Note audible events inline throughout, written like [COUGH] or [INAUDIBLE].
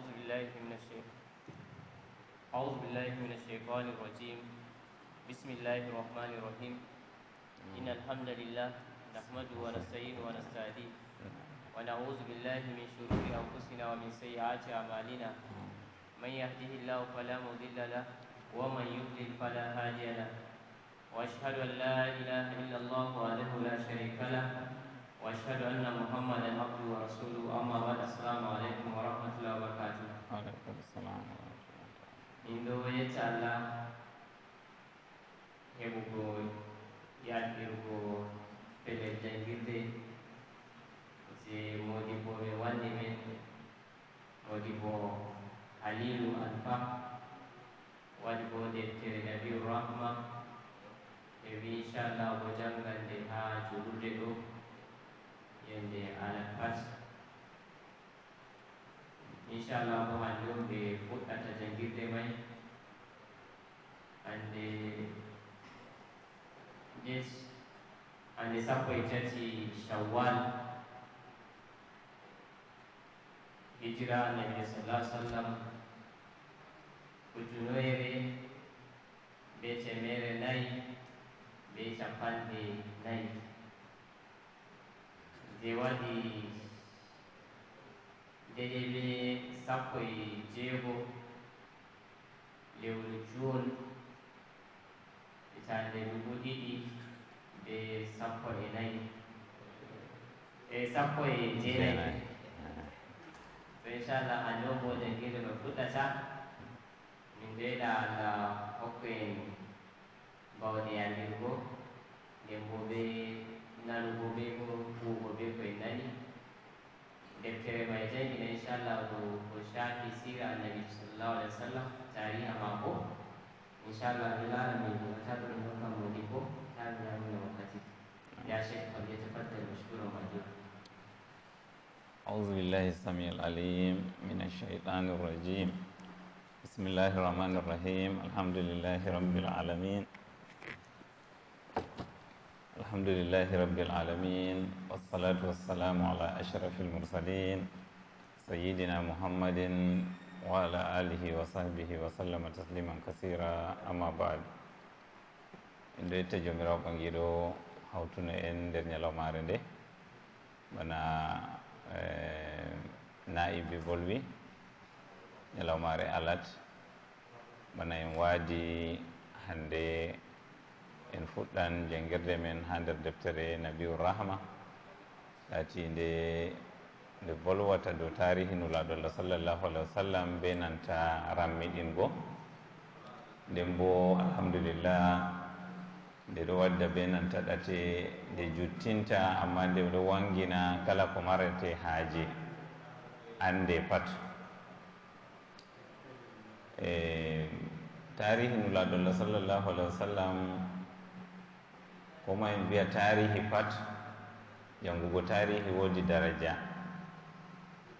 أعوذ بالله من الشيطان أعوذ بالله من الشيطان الرجيم بسم الله الرحمن الرحيم إن الحمد لله نحمده ونستعينه ونستهديه ونعوذ بالله من شرور أنفسنا ومن سيئات أعمالنا من يهده الله فلا مضل له ومن يضلل فلا هادي له وأشهد أن لا إله إلا الله وحده لا شريك له واشهد ان محمدا عبده ورسوله اما بعد السلام عليكم ورحمه الله وبركاته وعليكم السلام ಇಂದು ಹೆಚ್ಚಲ್ಲ ಹೇಗೂ ಯಾಕಿರ್ಗೂ ಬೆಲೆ ಜಂಗಿದ್ದೆ ಜೆ ಮೋದಿ ಬೋವೆ ಒಂದಿವೆ ಮೋದಿ ಬೋ ಅಲೀಲು ಅಲ್ಪ wadi bo deftere nabiu rahma e wi inchallah bo janngande haa juulde ɗo in the past. way, and the this and the subway 30 Shawwal hijrah Nabi Sallallahu Alaihi Wasallam kujunuere bece mere nai beca pandi nai Devani Dedele Sapoi Jevo Leon Juon Itande Nubudidi De Sapoi Nai De Sapoi Jenai To inshallah anobo jangile mafutata Nindela la okwen Baudi Anirgo Nembobe Nembobe nalugobeko kugobeko inani deftere maitegi na inshallah kushaki sira nabii sallallahu alaihi wasallam tayari ambapo inshallah hilala milioni tatu kutoka mlipo tangu na mna wakati ya Sheikh Abdul Tafaddal mshukuru majua أعوذ بالله السميع العليم من الشيطان الرجيم بسم الله الرحمن الرحيم الحمد لله رب العالمين الحمد لله رب العالمين والصلاة والسلام على أشرف المرسلين سيدنا محمد وعلى آله وصحبه وسلم تسليما كثيرا أما بعد ndeytajomirao ɓangiɗo hawtuno en nder ñalawmare nde bana eh, naibi bolwi ñalawmare alat bana en waadi hannde en fuɗɗan jangirde men ha nder deftere nabiu rahma lati nde nde volwata dow tarihi nulaɗo allah sallllahu alah wa sallam be nanta rammiɗingo nden bo alhamdulillah nde ɗo wadda be nanta ɗate nde juttinta amma nde ɗo wangina kala ko marate haaji ande pat e tarihi nulaɗo allah sallllahu alah wa sallam homa en mbiya tarihi pat janngugo tarihi woodi daraja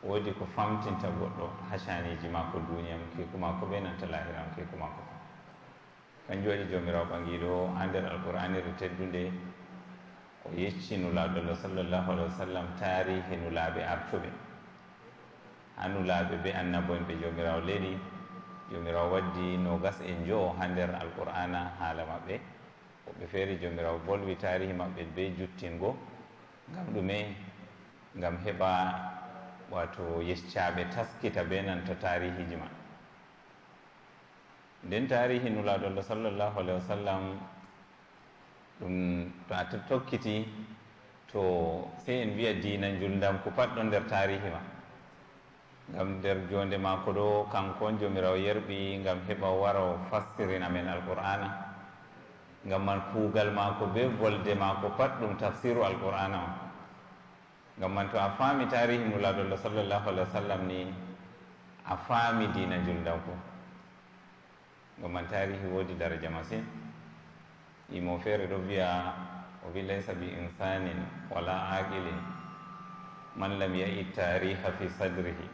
woodi ko famtinta goɗɗo hasaniji makko duniyam kiku makko ɓe nanta lahiram kiku makko kanjum waɗi jomirawo ɓangiɗo ha nder alquranire teddude o yecci nulaɓeallah sallllahu alah wa sallam tarihi nulaaɓe artuɓe ha nulaaɓe ɓe annabo en ɓe jomirawo leɗi jomirawo waddi no gas en joo ha nder alqur'ana haala maɓɓe ɓe feere joomiraw bolwi tarihi maɓɓe be juttingo ngam ɗume ngam heɓa wato yeccaaɓe taskita be nanta tarihiji ma nden tarihi nulaaɗo allah sallllahu alahi wa sallam ɗum to a tokkiti to sey en wiya diina njuldam ko pat ɗo nder tarihi ma ngam nder jonde maako ɗo kanko on joomiraw yerɓi ngam heɓa waro fastirin amen alqur'ana ngam man kuugal maako be volde maako pat ɗum tafsiru alqur'ana o ngam man to a faami tarihi mulaadullah sallllahu alih wa sallam ni a faami dina juldanko ngam man tarihi woodi daraja masin imo feere ɗo wiya o wi laysa bi insanin wala aqilin man lam yai tariha fi sadrihi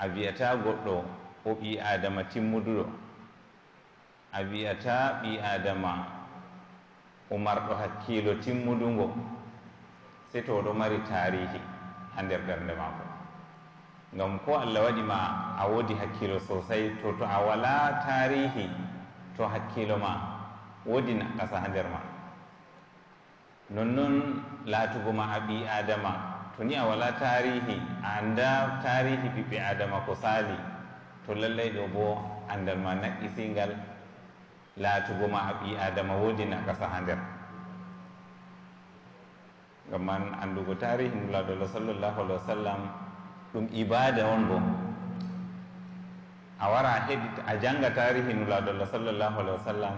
a wiyata goɗɗo o ɓi adama timmuduɗo a wiyata ɓi adama umarɗo hakkilo timmudugo se to ɗo mari tarihi ha nder darde mako gam ko allah waɗima a wodi hakkilo sosai to to a wala tarihi to hakkilo ma wodi naqasa ha nder ma nonnon latugo ma a ɓi adama to ni a wala tarihi a anda tarihi ɓiɓɓe adama ko sali to lallayɗo bo andal ma naqqisingal laatugoma a ɓi adama woodi nakasa ha nder gam man anndugo tarihi nulaɗolo sallllahu alih wa sallam ɗum ibada on bo a wara a heɗit a janga tarihi nulaɗolo sallllahu alih wa sallam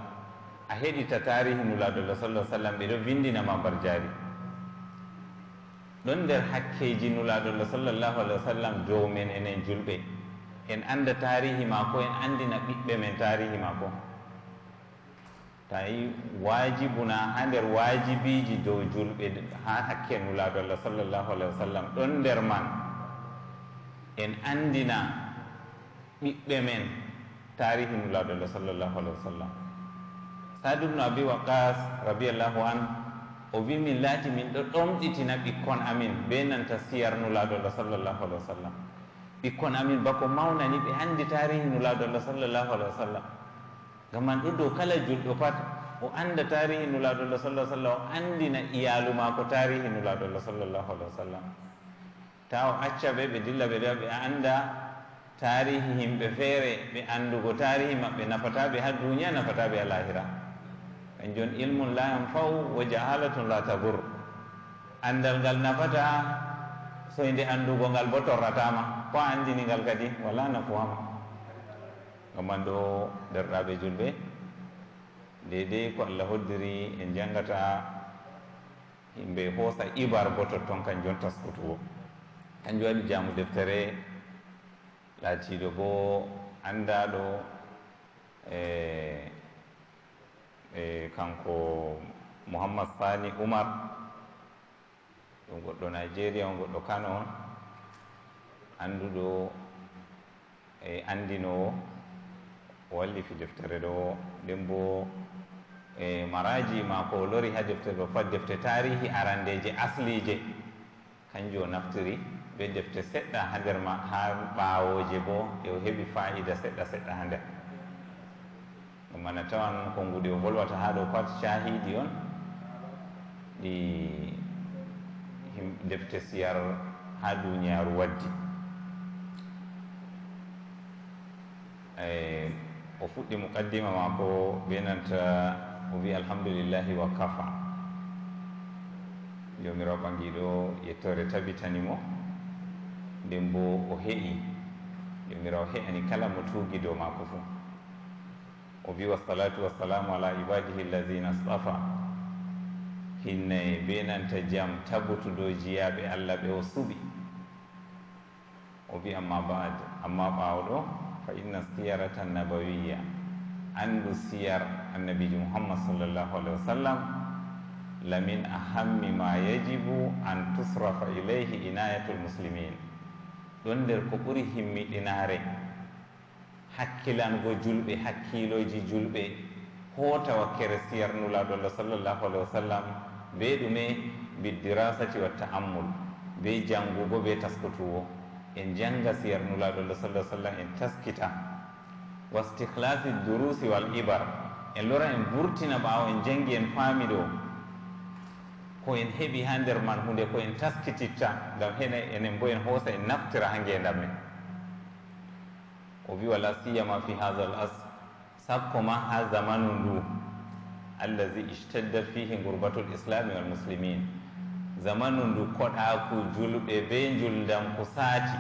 a heɗita tarihi nulaɗolo sallah sallam ɓeɗo vindinama bar jaari ɗon nder hakkeji nulaɗolo sallllahu alih wa sallam dow men enen julɓe en anda tarihi maako en andina ɓiɓɓe men tarihi maako tawi wajibuna ha nder wajibiji dow julɓe ha hakke nulaɗo allah sallllahu alahi wa sallam ɗon nder man en andina ɓiɓɓe men tarihi nulaɗo allah sallllahu alahi wa sallam sadu bnu abi waqas radiallahu an o wi min laati min ɗo ɗomɗitina ɓikkon amin be nanta siyar nulaɗo allah sallllahu alahi wa sallam ɓikkon amin bako mawnani ɓe andi tarihi nulaɗo allah sallllahu alahi wa sallam gam man ɗo dow kala julɗo pat o anda tarihi nulaɗoallah sall ah sallam o andina iyalu ma ko tarihi nulaɗoallah sallllahu alah wa sallam ta o acca ɓe ɓe dilla ɓe ɗa ɓe anda tarihi yimɓe feere ɓe andugo tarihi maɓɓe nafataɓe ha duniat nafataɓe a lahira kan joni ilmun la yan faw wo jahalatun la tabur andal ngal nafata soyde andugo ngal bo torratama ko andini ngal kadi wala nafuwama o mando derɗaɓe julɓe deidei ko allah hoddiri en jangata yimɓe hoosa ibar bo totton kan jon taskutuo kanjum waɗi jamu deftere laatiɗo bo andaɗo e e kanko mouhammad sani oumar ɗum goɗɗo nigéria on goɗɗo kano on anduɗo e andinowo o walli fi deftere ɗo nden bo e maraji mako o lori ha deftere ɗo pat defte tarihi arandeje asliije kanju o naftiri ɓe defte seɗɗa ha nder ma ha ɓawoje bo eo heeɓi faida seɗɗa seɗɗa ha nder ɗumana tawan ko nguɗi o volwata ha ɗo pat cahiɗi on ɗi defte siyar ha duniyaru waddi e o fuɗɗi muqaddima maako be nanta o wi alhamdulillahi wa kafa jomirao ɓangiɗo yettore tabitanimo nden bo o heƴi jomirao heƴani kala mo tuugi dow maako fuu o wi wassalatu wassalamu ala ibadihi llazina stafa hinnaye be nanta jam tabutu dow jiyaɓe allah ɓe o suɓi o wi amma bad amma ɓawɗo fa inna siyarata nabawiya anndu siyar annabiji muhammad sallallahu alayhi wa sallam lamin ahammi ma yajibu an tusrafa ilayhi inayatu lmuslimin ɗon nder ko ɓuri himmiɗinaare hakkilango julɓe hakkiloji julɓe hoota wakkere siyarnulaɗolla sallallahu alayhi wa sallam be ɗume bi dirasati wa ta'ammul be janngugo be taskutuwo en jannga siyar nulaaɗo lo sala sallam en taskita wa stihlasi durusi wal ibar en lora en vurtina ɓaawo en janngi en faami ɗo ko en heɓi haa nder man hunde ko en taskititta ngam hene enen bo en hoosa en naftira haa ngeendam men o wi wala siyama fi haha l asr sakko ma haa zamanu ndu allazi istadda fihi gurbatul islami walmuslimine zamanu ndu koɗaku julɓe be juldan ku saati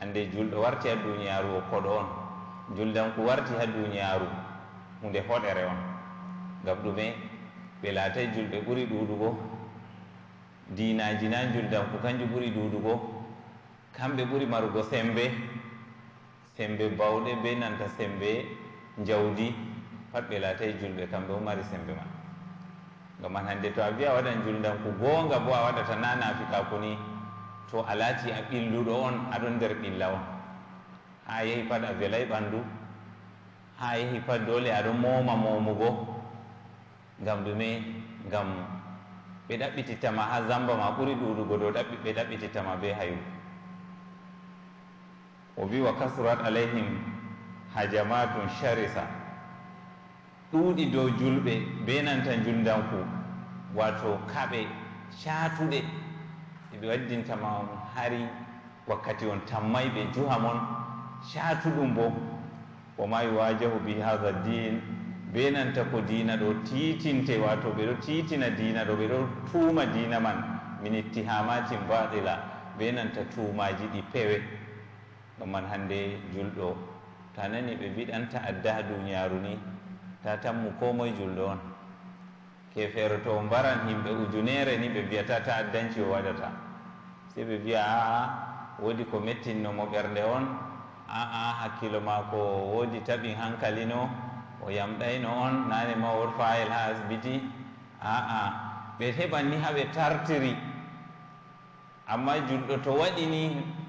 hande julɗo warti ha duniyaru o koɗo on juldan ku warti ha duniyaru hunde hoɗere on gam ɗume ɓe laatay julɓe ɓuri ɗuɗugo dinaji na juldan ku kanju ɓuri ɗuɗugo kamɓe ɓuri marugo sembe sembe bawɗe be nanta sembe jawdi pat ɓe laatay julɓe kamɓe o mari sembe ma ga man hande to a wiya waɗan juldan ko goonga bo a waɗata nana fika ko ni to a laati a ɓilluɗo on aɗon nder ɓilla on ha yehi pat a welay ɓanndu ha yehi pat dole aɗon moma momugo ngam ɗume ngam ɓe ɗaɓɓititama ha zamba ma ɓuri ɗuɗugo dow ɓe ɗaɓɓititama be hayu o wi wa kasrat alayhim hajamatun charisa ɗuuɗi dow julɓe be nanta juldanku wato kaɓe caatuɗe eɓe waddintama on hari wakkati on tammay ɓe juha mon caatuɗum bo woma yuwajahu bi haha din be nanta ko dina ɗo titinte wato ɓeɗo titina dina ɗo ɓeɗo tuuma dina man min ittihamatin baɗila be nanta tuumaji ɗi pewe ɗo man hande julɗo ta nani ɓe mbiɗanta adda duniyaru ni ta tammu ko moye julɗo on ke feere to mbaran yimɓe ujunere ni ɓe mbiyata ta addanci o waɗata sey ɓe mbiya aa woodi ko mettinnomo ɓerɗe on aa hakkilo maako woodi taɓi hankalino o yamɗayno on nane ma wor fayel ha asbiti aa ɓe heɓan ni ha tartiri amma julɗo to waɗi ni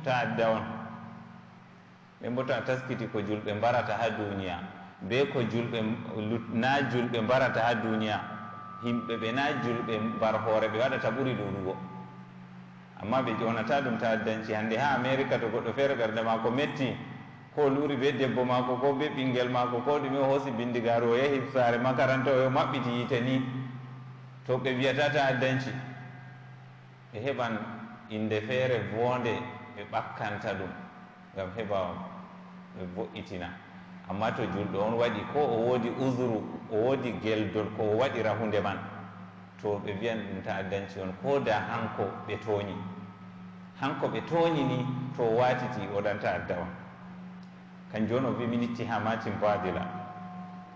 ta adda on ɓe mbo to a taskiti ko julɓe mbarata ha duniya be ko julɓe na julɓe mbarata ha duniya yimɓe ɓe na julɓe mbar hoore ɓe waɗata ɓuri ɗuɗugo amma ɓe ƴonata ɗum ta danci hannde ha américa to goɗɗo feere ɓerde maako metti ko luuri be debbo maako ko be ɓinngel maako ko ɗume o hoosi bindigaaru o yahi saare macaranta o yo maɓɓiti yiite ni to ɓe wiyata ta danci ɓe heɓan innde feere woonde ɓe ɓakkanta ɗum ngam heɓa ɓe vo'itina amma to julɗo on waɗi ko o woodi usru o woodi geldol ko o waɗira hunde man to ɓe mbiyan ɗum ta'addanci on ko da hanko ɓe tooñi hanko ɓe tooñi ni to o watiti adda on kan on o wi min ittihamatin badila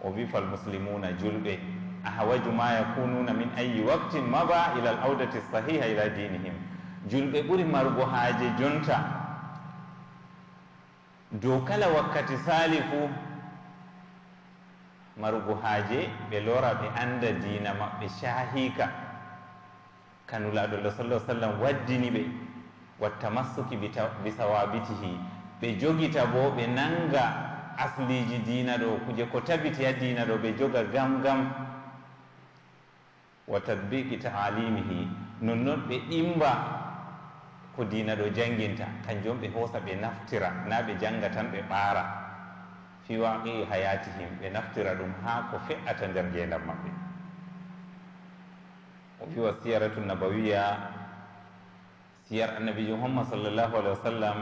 o wi fal muslimuna julɓe ahawaju ma yakununa min ayi waktin maba ila al awdati sahiha ila dinihim julɓe ɓuri margo haaje jonta dow kala wakkati sali fuu marugo haaje ɓe lora ɓe anda diina maɓɓe shahika kanulaɗoallah sallah sallam waddini ɓe wa tamassuki bi sawabitihi ɓe jogita bo ɓe nanga asliji diina ɗo kuje ko tabiti ha diina ɗo ɓe joga gam gam wa tadbiqi taalimihi nonnon ɓe ɗimba ko dina ɗo janginta kanjum ɓe hoosa ɓe naftira na ɓe janga tan ɓe ɓaara fi waqii hayatihim ɓe naftira ɗum haa ko feata nder ngendam maɓɓe o fi wa siyaratu nabawiya siyar annabijo muhammad sallllahu alah wa sallam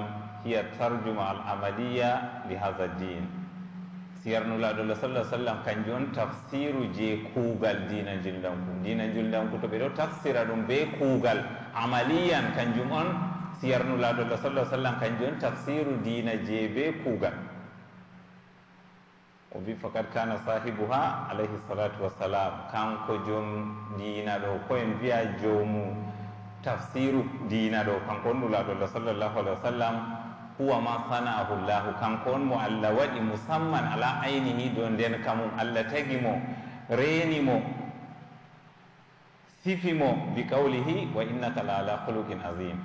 hiya tarjuma al amaliya li haha din siyarnulaɗola sa sallam kanjum tafsiru je kuugal dina njuldanku dina njuldanku to ɓe ɗo tafsira ɗum be kuugal amaliyan kanjum on siyarnulaɗolla sal ah sallam kanjum on tafsiru dina jeebe kuugal o wi fakat kana sahibuha alayhi salatu wassalam kanko jom dina ɗo koyen wiya jomu tafsiru dina ɗo kanko on ɗulaɗolla sall llahu alah wa sallam huwa ma sanahu llahu kanko on mo allah waɗi musamman ala aynihi do nden kamum allah tagi mo reeni mo fifimo bi kawlihi wa innaka la ala khuluqin azim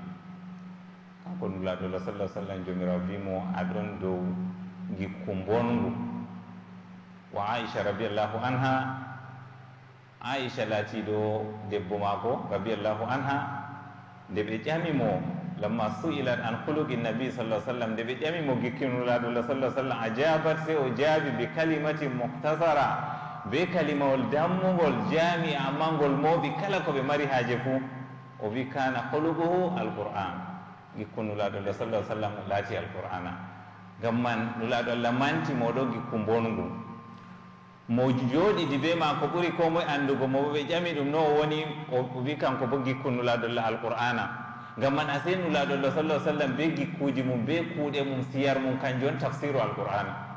kanko nulaɗola salla sallam jomirao wimo aɗon dow gikku bonngu wa aicha rabi allahu anha aicha laatiɗo debbo maako rabi allahu anha nde ɓe ƴamimo lamma suilat an khuluqi nabi sall sallam nde ɓe ƴamimo gikkinulaɗola sall sallam a jabat se o jaabi bi kalimatin muhtasara be kalimawol dammugol jami amma ngol mowɓi kala ko ɓe mari haaje fuu o wi kana holugohu alquran gikku nulaaɗo allah sall ah sallam laati alqurana ngam man nulaaɗo allah manti moɗo gikku bonngu mo jooɗidi be ma ko ɓuri ko moye anndugo mo ɓe ƴami ɗum no o woni o wi kanko bo gikku nulaaɗo allah alqurana ngam man asei nulaaɗo allah sall ah sallam be gikkuuji mum be kuuɗe mum siyar mum kanjum on tafsiru alqurana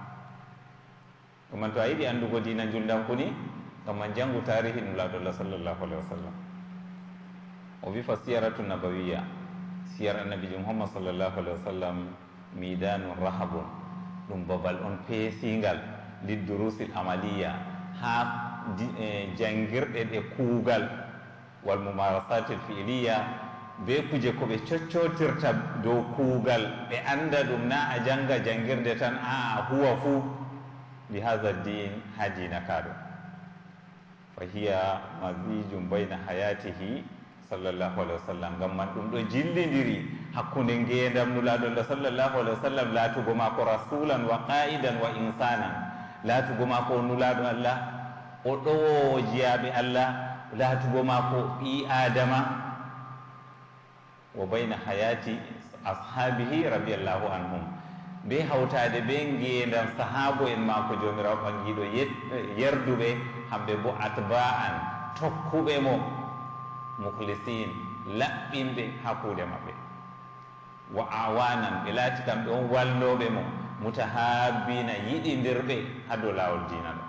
ɗuman to a yiɗi anndugo dina njuldankuni gam ma janngu tarihi nu laaɗolla sallllahu alih wa sallam o wi fa siyaratu nabawiya siyara nabi jum homma sallllahu alih wa sallam midanu rahabum ɗum babal on peesingal lidurusil amaliya haa e, jangirɗe ɗe kuugal wal moumarasatil fiiliya be kuje ko ɓe coccotirta dow kuugal ɓe annda ɗum naa a jannga jangirde tan aa huwa fuu bi haha din ha dina kaɗo fahiya masijum bayna hayatihi sallllahu alah wa sallam gam man ɗum ɗo jillidiri hakkunde ngendam nulaɗon ɗo sallllahu alah wa sallam latugo ma ko rasulan wa qa'idan wa insanan latugo ma ko nulaɗo allah o ɗowowo jiyaɓe allah latugo ma ko ɓi adama wo bayna hayati ashabihi radiallahu anhum be hawtaade be ngeendan sahaabu en maa ko joomiraw ɓangiiɗo yerduɓe hamɓe bo atba an tokkuɓe mo muhlisin laɓɓinɓe hakkuude maɓɓe wa awanan ɓe laati kamɓe on wallooɓe mo mutahabbina yiɗindirɓe ha dow laawol diina ɗo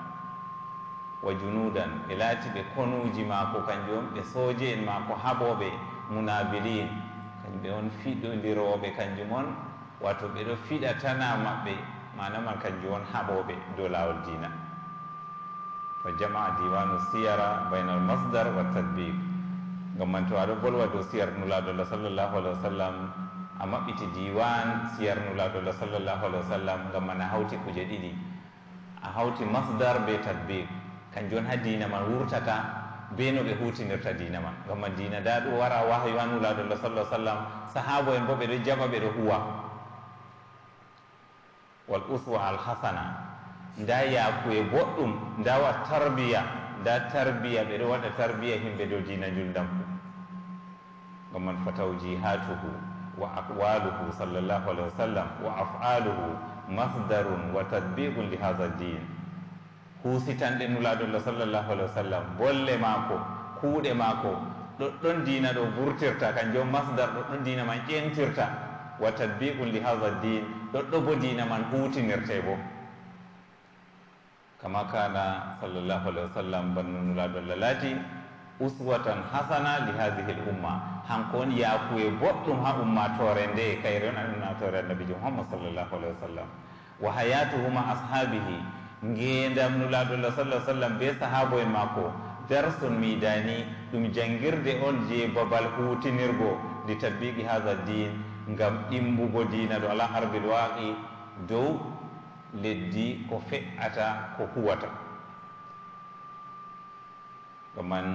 wa junudan ɓe laati ɓe konuuji maako kanjum on ɓe sooje en maako haɓooɓe munabilin kañum ɓe on fiɗɗondirooɓe kanjum on wato ɓe ɗo fiɗa tana maɓɓe mana man kanjum won haɓoɓe dow lawol dina fa jama'a diwanu siyara baynal masdar wa tadbir gam man to aɗo volwa dow siyarnulaɗoallah sallllahu alih wa sallam a maɓɓiti diwan siyarnulaɗoallah sallllahu alih wa sallam gam man a hawti kuuje ɗiɗi a hawti masdar be tadbir kanjum won ha dina man wurtata be no ɓe hutinirta dina man gam man dina da ɗo wara wahyo anulaɗoallah sallah sallam sahaba en bo ɓeɗo jaɓa ɓeɗo huwa wal uswa al hasana nda yaakuye boɗɗum nda wa tarbiya nda tarbiya ɓe ɗo waɗa tarbiya himɓe dow dina jundanku gomman fataw jihatuhu wa aqwaluhu sall llahu alahi wa sallam wa afaluhu masdarun wa tadbiqun li hasa din huusitanɗe nulaɗolla sall llahu alahi wa sallam bolle maako kuuɗe maako ɗoɗɗon dina ɗo vurtirta kanjo masdar ɗoɗɗon dina man ƴentirta wa tadbiqun li haha ddin ɗoɗɗo bo dina man ɓuutinirte bo kama kana sallllahu alahi wa sallam bannunulaɗo llah laati uswatan hasana li hahihi l umma hanko on yaakuye boɗɗum ha ummatore nde kayre on annatore annabi jo muhammad sallllahu alahi wa sallam wa hayatuhuma ashabihi ngendam nulaɗo llah sallah sallam be sahaba en makko darsun midani ɗum jangirde on je babal huutinirgo li tadbiqi haha ddin ngam ɗimbugo diina ɗo ala arbil waqi dow leddi ko fe'ata ko huwata ɗo man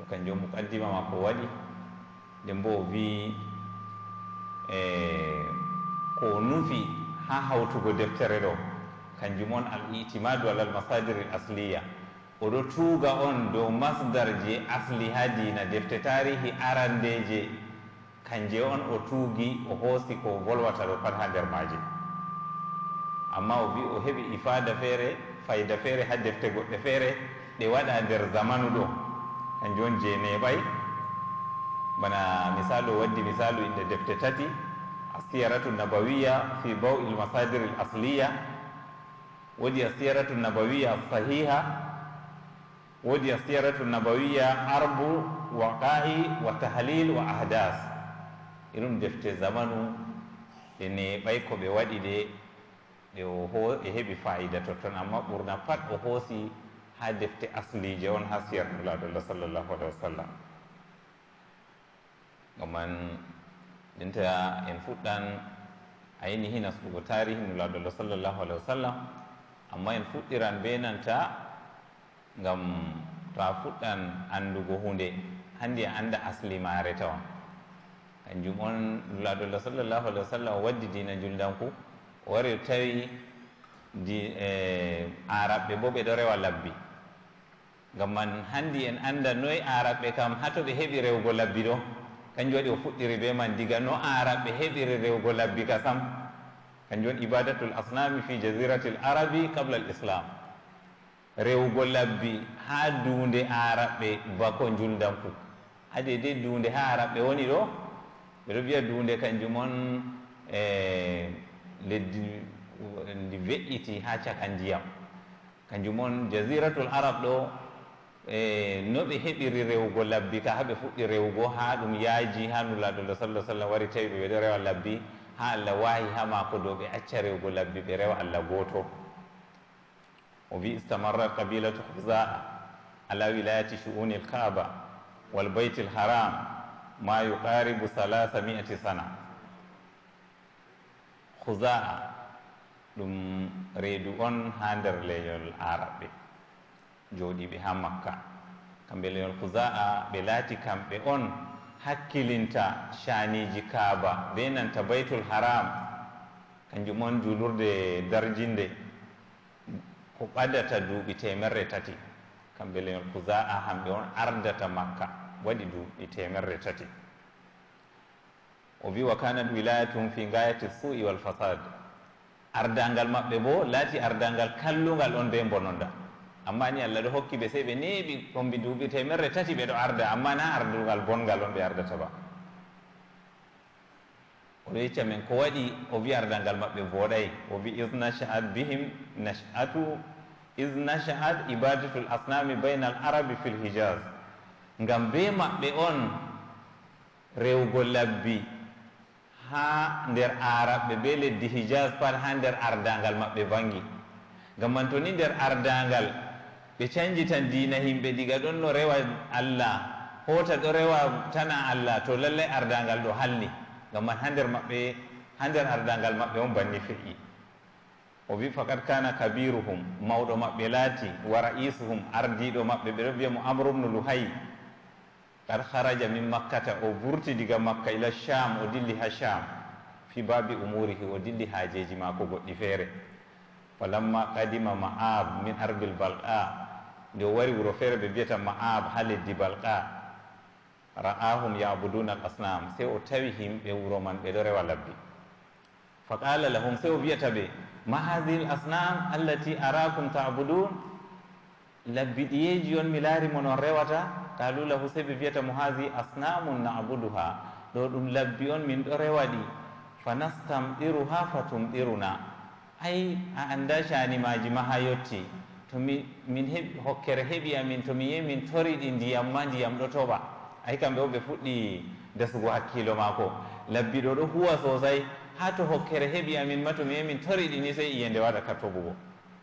o kanjum mukaddima ma ko waɗi nde bo o wi e ko nufi ha hawtugo deftere ɗo kanjum on al itimadu ala almasadir al asliya oɗo tuuga on dow masdar je asli ha diina defte tarihi arandeje kanje on o tuugi o hoosi ko volwata ɗo pat ha nder maji amma o wi o heɓi ifada feere fayda feere ha defte goɗɗe feere ɗe waɗa nder zamanu ɗo kanjum on je neɓay bana misalu o waddi misalu inde defte tati asiyaratu nabawiya fi baw il masadir l asliya woodi asiyaratu nabawiya sahiha woodi asiyaratu nabawiya arbu waqa'i wa tahlil wa ahdas irum defte zamanu ene ɓay ko ɓe waɗi de ɓe e heɓi fayida totton amma ɓurna pat o hoosi ha defte aslije on ha siyarnulaɗoallah sallllahu alah wa sallam oman ɗinta en fuɗɗan ayini hina sugo tarihi nulaɗoallah sallllahu alah wa sallam amma en fuɗɗiran be nanta gam to a fuɗɗan andugo hunde handi a anda asli maare tawa kanjum on laadullah sallllahu alih wa sallam waddi dina juldanku wari tawi di e, araɓɓe bo ɓe ɗo rewa labbi ngam man hanndi en annda noyi araɓɓe kam hato ɓe heɓi rewgo labbi ɗo kanjum waɗi o fuɗɗiri be man diga no araɓɓe heɓiri rewgo labbi ka sam kanjum woni ibadatul asnami fi jazirati l arabi qable al islam rewgo labbi haa duunde araɓɓe bako njuldanku ha de de duunde haa araɓɓe woni ɗo ɓeɗo wiya duunde kanjum on e leddi ndi ve'iti ha caka ndiyam kanjum on jaziratul arab ɗo e no ɓe heɓiri rewugo labbi ka ha ɓe fuɗɗi rewugo ha ɗum yaaji ha nulaɗolo salah sallam wari tawi ɓe ɓeɗo rewa labbi ha allah waahi ha maako dow ɓe acca rewugo labbi ɓe rewa allah gooto o wi istamarrat qabilatu hufza ala wilayati shu'unil kaaba wal baytil haram ma yuqaribu halaha miati sana khuza'a ɗum reedu on ha nder leyol araɓɓe jooɗiɓe ha makka kamɓe leyol khuza'a ɓe laati kamɓe on hakkilinta caniji kaaba be nanta baytul haram kanjum on julurde darjinde ko ɓadata duuɓi temerre tati kamɓe leyol khuza'a hamɓe on ardata makka waɗi du ɗi temerre tati o wi wa kanat wilayatum fi gayati su'i wal fasad ardalngal maɓɓe bo laati ardalngal kallungal on be bononda amma ni allah ɗo hokki ɓe sey ɓe neeɓi kombi duuɓi temerre tati ɓe ɗo arda amma na ardungal bongal on ɓe ardata ba oɗo yecca men ko waɗi o wi ardalngal maɓɓe voɗay o wi is nacha'at bihim nach'atu is nacha'at ibadatul asnami bayna al arabi fi l hijaz ngam be maɓɓe on rewugo labbi ha nder araɓɓe be leddi hijas pat ha nder ardagal maɓɓe vangi ngam man to ni nder ardagal ɓe canjitan dina himɓe ɗiga ɗon no rewa allah hota ɗo rewa tana allah to lallay ardagal ɗo halli ngam man ha nder maɓɓe ha nder ardagal maɓɓe on banni feƴƴi o wi faqat kana kabiruhum mawɗo maɓɓe laati wa raisuhum ardiɗo maɓɓe ɓeɗo wiya mo amrubnu luhayi kad haraja min makkata o vurti diga makka ila cham o dilli ha cham fi babi umurihi o dilli hajeji mako goɗɗi feere falamma qadima ma'ab min ardil balqa nde o wari wuro feere ɓe mbiyata ma'ab ha leddi balqa ra'ahum yabuduna al asnam sey o tawi himɓe wuro man ɓe ɗo rewa labbi fa qala lahum sey o wiyata ɓe ma hahi l asnam allati arakum tabudun labbi ɗiyeji on mi laari mon on rewata ta lula hu seɓe wiyata mo haasi asnamum nabuduha ɗo ɗum labbi on min ɗo rewa ɗi fa nastamɗiru ha fa tumɗiruna ay a annda caanimaji ma ha yotti tomi min heɓ hokkere heɓi amin tomi yehi min tori ɗi ndiyam ma ndiyam ɗo toɓa ay kamɓe o ɓe fuɗɗi ndesugo hakkilo maako labbi ɗo ɗo huwa sosay ha to hokkere heɓi amin ma tomi yehi min tori ɗi ni sey iyende waɗa ka toɓugo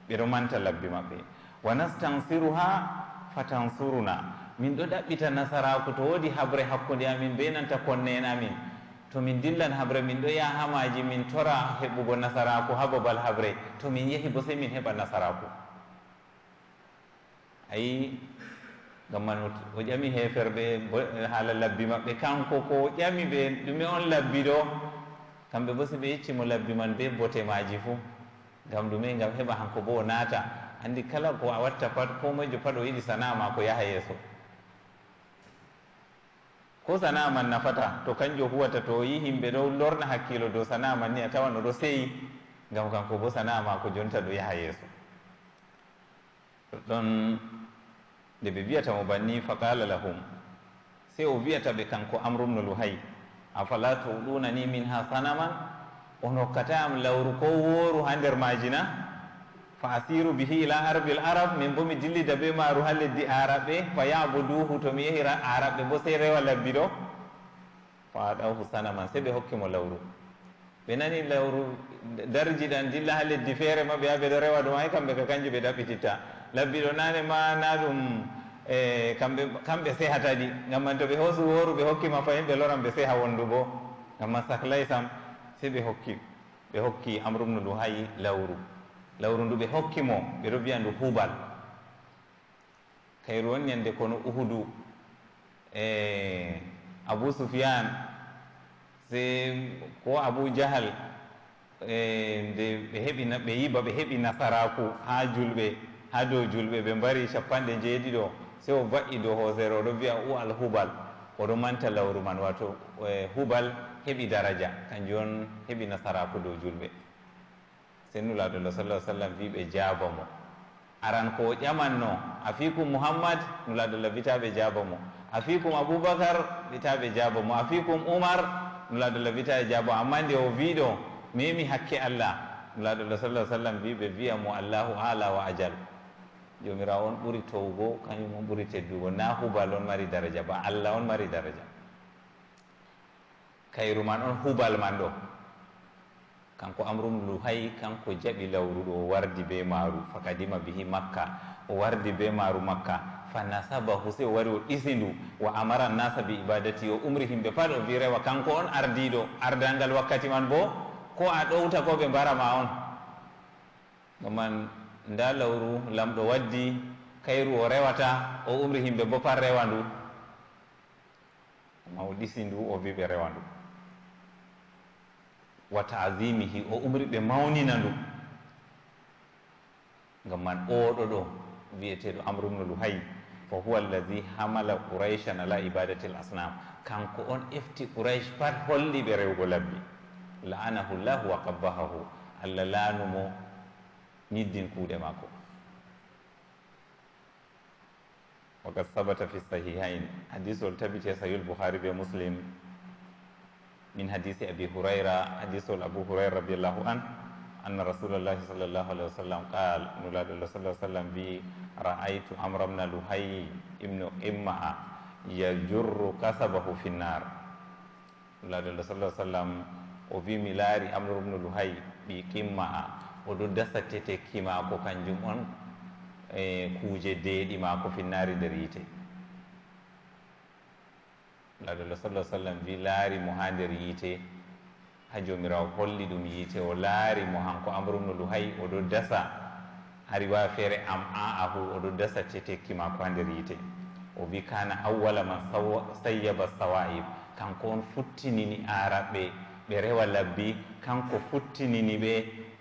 ɓe ɗo manta labbi maɓɓe wa nastansiru ha fa tansuruna min ɗo ɗaɓɓita nasaraku to woodi haɓre hakkunde amin benanta konnen amin to min dillan haɓre min ɗo yaha hamaji min tora heɓugo nasaraku ha babal haɓre to min yehi bo sey min heɓa nasaraku ayi gamman o ƴami heferɓe eh, haala labbi maɓɓe kanko ko ƴami ɓe ɗume on labbi ɗo kamɓe bo si ɓe yeccimo labbi man be bote maji fuu gam ɗume gam heɓa hanko bo o naata andi kala ko a watta pat ko moejo pat o yiɗi sana'a ma ko yaha yeeso ko sanaman nafata to kanjo huwata to yihim ɓe ɗo lorna hakkilo dow sanaman ni a tawan oɗo seyi gam kanko bo sanama ko jonta ɗo yaha yeeso ɗon nde ɓe wiyata mo banni faqala lahum sey o wiyata ɓe kanko amrumno luhay afala to ɗunani min ha sanaman on hokkatayam lawru ko woru ha nder majina fa asiru bihi ila arbi l arab min bo mi dillida ɓe maaru ha leddi araɓe fa yabuduhu tomi yehira araɓe bo sey rewa labbi ɗo fa adahu sanaman sey ɓe hokki mo lawru ɓe nani lawru darji ɗan dilla ha leddi feere ma ɓe ha ɓe ɗo rewa ɗum ay kamɓe ka kanjum ɓe ɗaɓɓititta labbi ɗo nane ma na ɗum e kamɓe kamɓe sehataɗi gamma to ɓe hoosu wooru ɓe hokkima fayin ɓe loran ɓe seha wondu bo gamma sahlay sam sey ɓe hokki ɓe hokki amrumnu ɗum hayi lawru lawru ndu ɓe hokki mo ɓe ɗo wiya ndu huɓal kayru on ñande kono uhudu e abou soufiane se ko abou jahal e nde ɓe heɓi ɓe yiba ɓe heɓi nasaraku ha julɓe ha dow julɓe ɓe mbari capanɗe jeeɗiɗo se o va'i dow hosere oɗo wiya u al huɓal oɗo manta lawru man wato e, huɓal heɓi daraja kanjum on heɓi nasaraku dow julɓe sennulaaɗo lo sala sallam wi ɓe jaaba mo aran ko ƴaman noo a fii kum mouhammad nulaaɗolla wita ɓe jaaba mo a fii kum aboubacar witaa ɓe jaaba mo a fii kum oumar nulaaɗolla wita e jaaba mo amma nde o wii ɗo memi hakke allah nulaaɗolla sala sallam wi ɓe wiya mo allahu ala wa ajal jomira on ɓuri towgo kañum on ɓuri teddugo na hubal on mari daraja ba allah on mari daraja kayru man on hubal man ɗo kanko amrumlu hay kanko jaɓi lawruɗo o wardi be maru fakadima bihi makka o wardi be maru makka fa nasabahu o wari o ɗisi wa amara nasa bi ibadati o umri himɓe pat o rewa kanko on ardiɗo ardangal wakkati man bo ko a ɗowta ko be mbarama on ɗuman nda lawru lamɗo waddi kayru o rewata o umri himɓe bo pat rewa ndu ma o ɗisi ndu o ɓe rewa ndu wa taadimihi o umri ɓe mawnina ndu ngam man ooɗo ɗo wiyeteeɗo amrubnu luhayi fa huwa alladi hamala quraishan ala ibadati l asnam kanko on efti quraish pat holli ɓe rewgo labbi la'anahu llahu wa qabbahahu allah laanu mo ñiddin kuuɗe makko wa qad sabata fi sahihain hadise ol tabitee sahih l bouhari be muslim min hadisi abi hurayra hadisol abu hurayra radiallahu an anna rasulallahi sall llahu alahi wa sallam qal nulaɗo lah sah sallam wi raaytu amra mna luhay ibnu imma'a yajurru kasabahu fi nnar nulaɗo lah sah sallam o wi mi laari amra mnu luhay ɓi qimma'a oɗo dasa tete kimaako kanjum on e kuuje deeɗi maako finnaari nder yiite laɗolo sallah sallam wi laari mo haa nder yiite ha joomiraw holli ɗum yiite o laari mo hanko amrumno luhay oɗo dasa ha riwaya feere am a ahu oɗo dasa ce tekki maako ha nder yiite o wi kana awwala man sayyaba sawaib kanko on futtinini araɓɓe ɓe rewa labbi kanko futtinini ɓe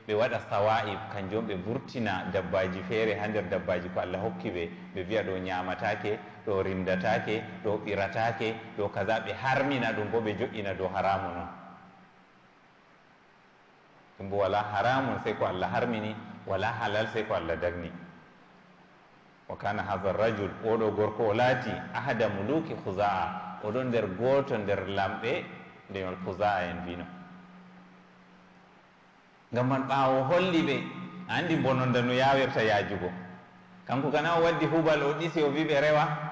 ɓe waɗa sawaib kanjum on ɓe vurtina dabbaji feere ha nder dabbaji ko allah hokki ɓe ɓe wiya ɗo ñamatake ɗo rimdatake ɗo ɓiratake ɗo kaza ɓe harmina ɗum bo ɓe joƴƴina dow haramu noon ɗum bo wala haramun sey ko allah harmini wala halal sey ko allah dagni wa kana haha rajul oɗo gorko o laati ahada muluki khusaa oɗon nder gooto nder lamɓe ndeol khusaa en mbino ngam man ɓaawo holli ɓe a anndi bononda no yaawirta yaajugo kanko kana o waddi hubal o ɗisi o wiɓe rewa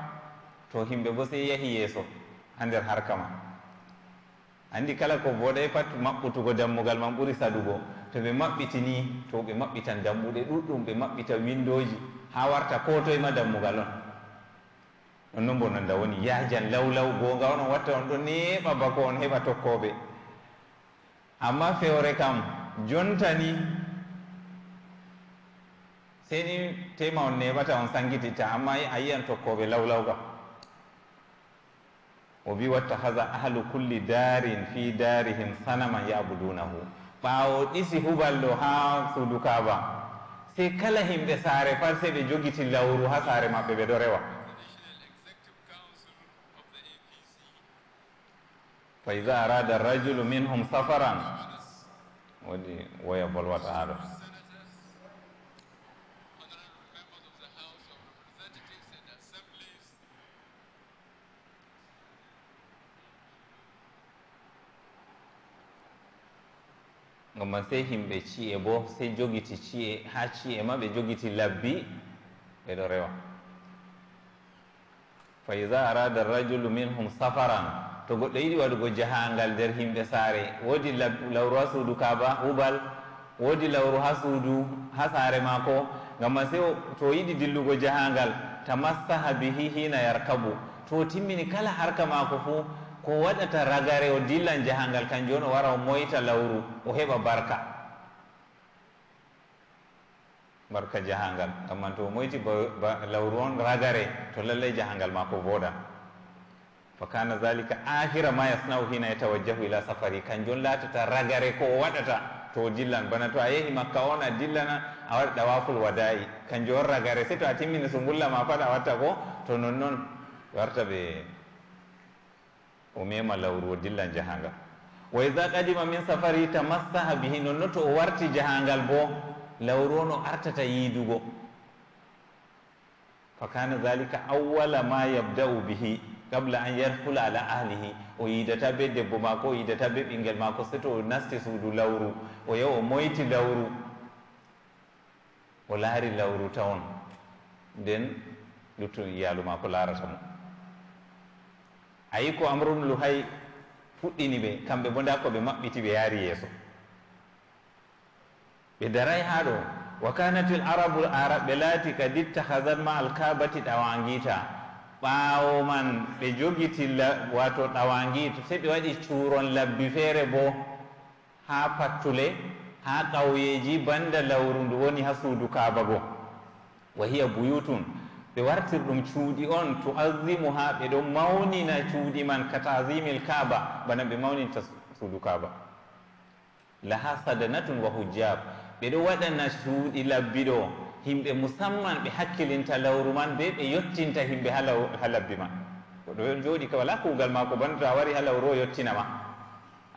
to himɓe bo sey yahi yeeso ha nder harka ma andi kala ko boɗay pat maɓɓutugo dammugal man ɓuri sadugo to ɓe maɓɓitini to ɓe maɓɓitan dammuɗe ɗuɗɗum ɓe maɓɓita windoji ha warta ko toyema dammugal on ɗon non bo nonda woni yajan lawlaw gonga onon watta on ɗo neɓa bako on heɓa tokkoɓe amma fewre kam jontani seni tema on neɓata on sangititta amma a yiyan tokkoɓe lawlaw kam o wi wattahasa ahlu kulli darin fi darihim sanaman yabudunahu ɓawo ɗisi huballo ha suudu kaba sey kala himɓe saare far se ɓe jogiti lawru ha saare maɓɓe ɓe ɗo rewa fa ida arada arrajulu minhum safaran woɗi woya bolwata haɗo gomma sey himɓe ci'e bo sey jogiti ci'e ha ci'e ma ɓe jogiti labbi ɓe ɗo rewa fa iza arada rajulu minhum safaran to goɗɗo yiɗi waɗugo jahangal nder himɓe saare woodi lawru ha suudu kaba hubal woodi lawru ha suudu ha saare maako gamma sey to yiɗi dillugo jahangal tamassaha bihi hina yarkabu to timmini kala harka maako fuu ko waɗata ragare o dillan jahangal kanjum on o wara o moyta lawru o heɓa barka barka jahangal gamman to o moyti lawru on ragare to lallay jahangal ma ko voɗan fa kana dalika ahira ma yasnahu hina yetawajjahu ila safari kanjum latata ragare ko o waɗata to o dillan bana to a yehi makka on a dillana a waɗa ɗawaful wadayi kanjum on ragare se to a timmini sumbulla ma pat a watta ko to nonnoon warta ɓe o mema lawru o dilla jahangal wa ida qadima min safari tamassaha bihi nonno to o warti jahangal bo lawru o no artata yiidugo fa kana dalika awala ma yabda'u bihi qable an yarfula ala ahlihi o yidata be debbo mako o yidata be ɓinguel mako so to o nasti suudu lawru o yaw o moyti lawru o laari lawru tawon nden luttu yaalu mako laratamo a yi ko amrun luhay fuɗɗini ɓe kamɓe bo nda ko ɓe maɓɓiti ɓe yaari yeeso ɓe daray haa ɗo wa kanat l arabu l arab ɓe laati ka dittahasat ma alkabati ɗawangiita ɓaawo man ɓe jogitilla wato ɗawangiita sey ɓe waɗi cuuron labbi feere bo haa pattule haa ƙawyeeji banda lawru ndu woni haa suudu kaaba go wa hiya buyutun ɓe wartir ɗum cuuɗi on tu azimu ha ɓe ɗo mawnina cuuɗi man ka taazimil kaaba bana ɓe mawninta suudu kaaba laha sadanatun wa hujjab ɓe ɗo waɗana cuuɗi labbi ɗo himɓe musamman ɓe hakkilinta lawru man be ɓe yottinta himɓe ha labbi ma goɗo jooɗi ka wala kuugal maako banta wari ha lawru o yottinama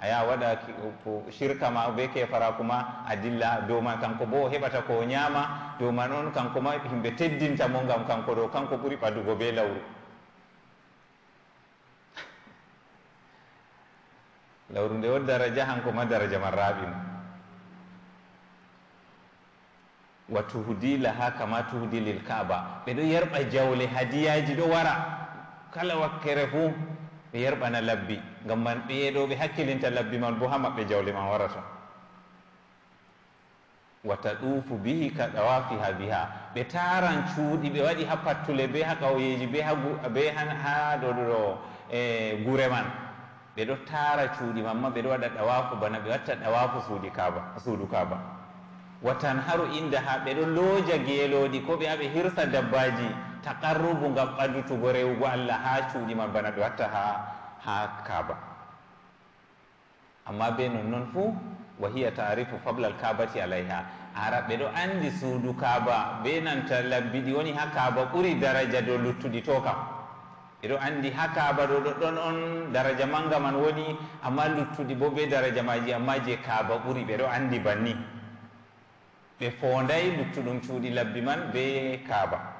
aya waɗa shirka ma be kefara kuma a dilla dow kanko bo o heɓata ko nyama ñaama dow man on kanko ma himɓe teddinta mo ngam kanko do kanko ɓuri ɓadugo be lawru lawru nde won daraja hanko ma daraja man raaɓino wa tuhdila ha kama tuhdi lil kaaba ɓe ɗo yerɓa jawle hadiyaji ɗo wara kala wakkere fu ɓe yerɓana labbi ngam man ɓeyeɗo ɓe hakkilinta labbi man bo ha maɓɓe jawle man wara ton wata ɗuufu bihi ka ɗawafi ha biha ɓe taran cuuɗi ɓe waɗi ha pattule be ha ƙawyeji be be ha ɗoɗoɗo e gure man ɓe ɗo taara cuuɗi manma ɓeɗo waɗa ɗawafu bana ɓe watta ɗawafu suudi kaba suudu kaba watan haru inda ha ɓe ɗo looja geelooɗi ko ɓe aɓe hirsa dabbaji taqarrubu ngam ɓaddutugo rewugo allah ha cuuɗi man bana ɓe watta ha ha kaaba amma be non noon fuu wa hiya taarifu fable al kabati alayha ara ɓe ɗo anndi suudu kaaba be nanta labbi ɗi woni ha kaaba ɓuri daraja dow luttuɗi to kam ɓe ɗo anndi ha kaaba ɗo ɗoɗɗon on daraja mannga man woni amma luttuɗi bo be daraja maji amma je kaaba ɓuri ɓe ɗo anndi banni ɓe fonday luttuɗum cuuɗi labbi man be kaaba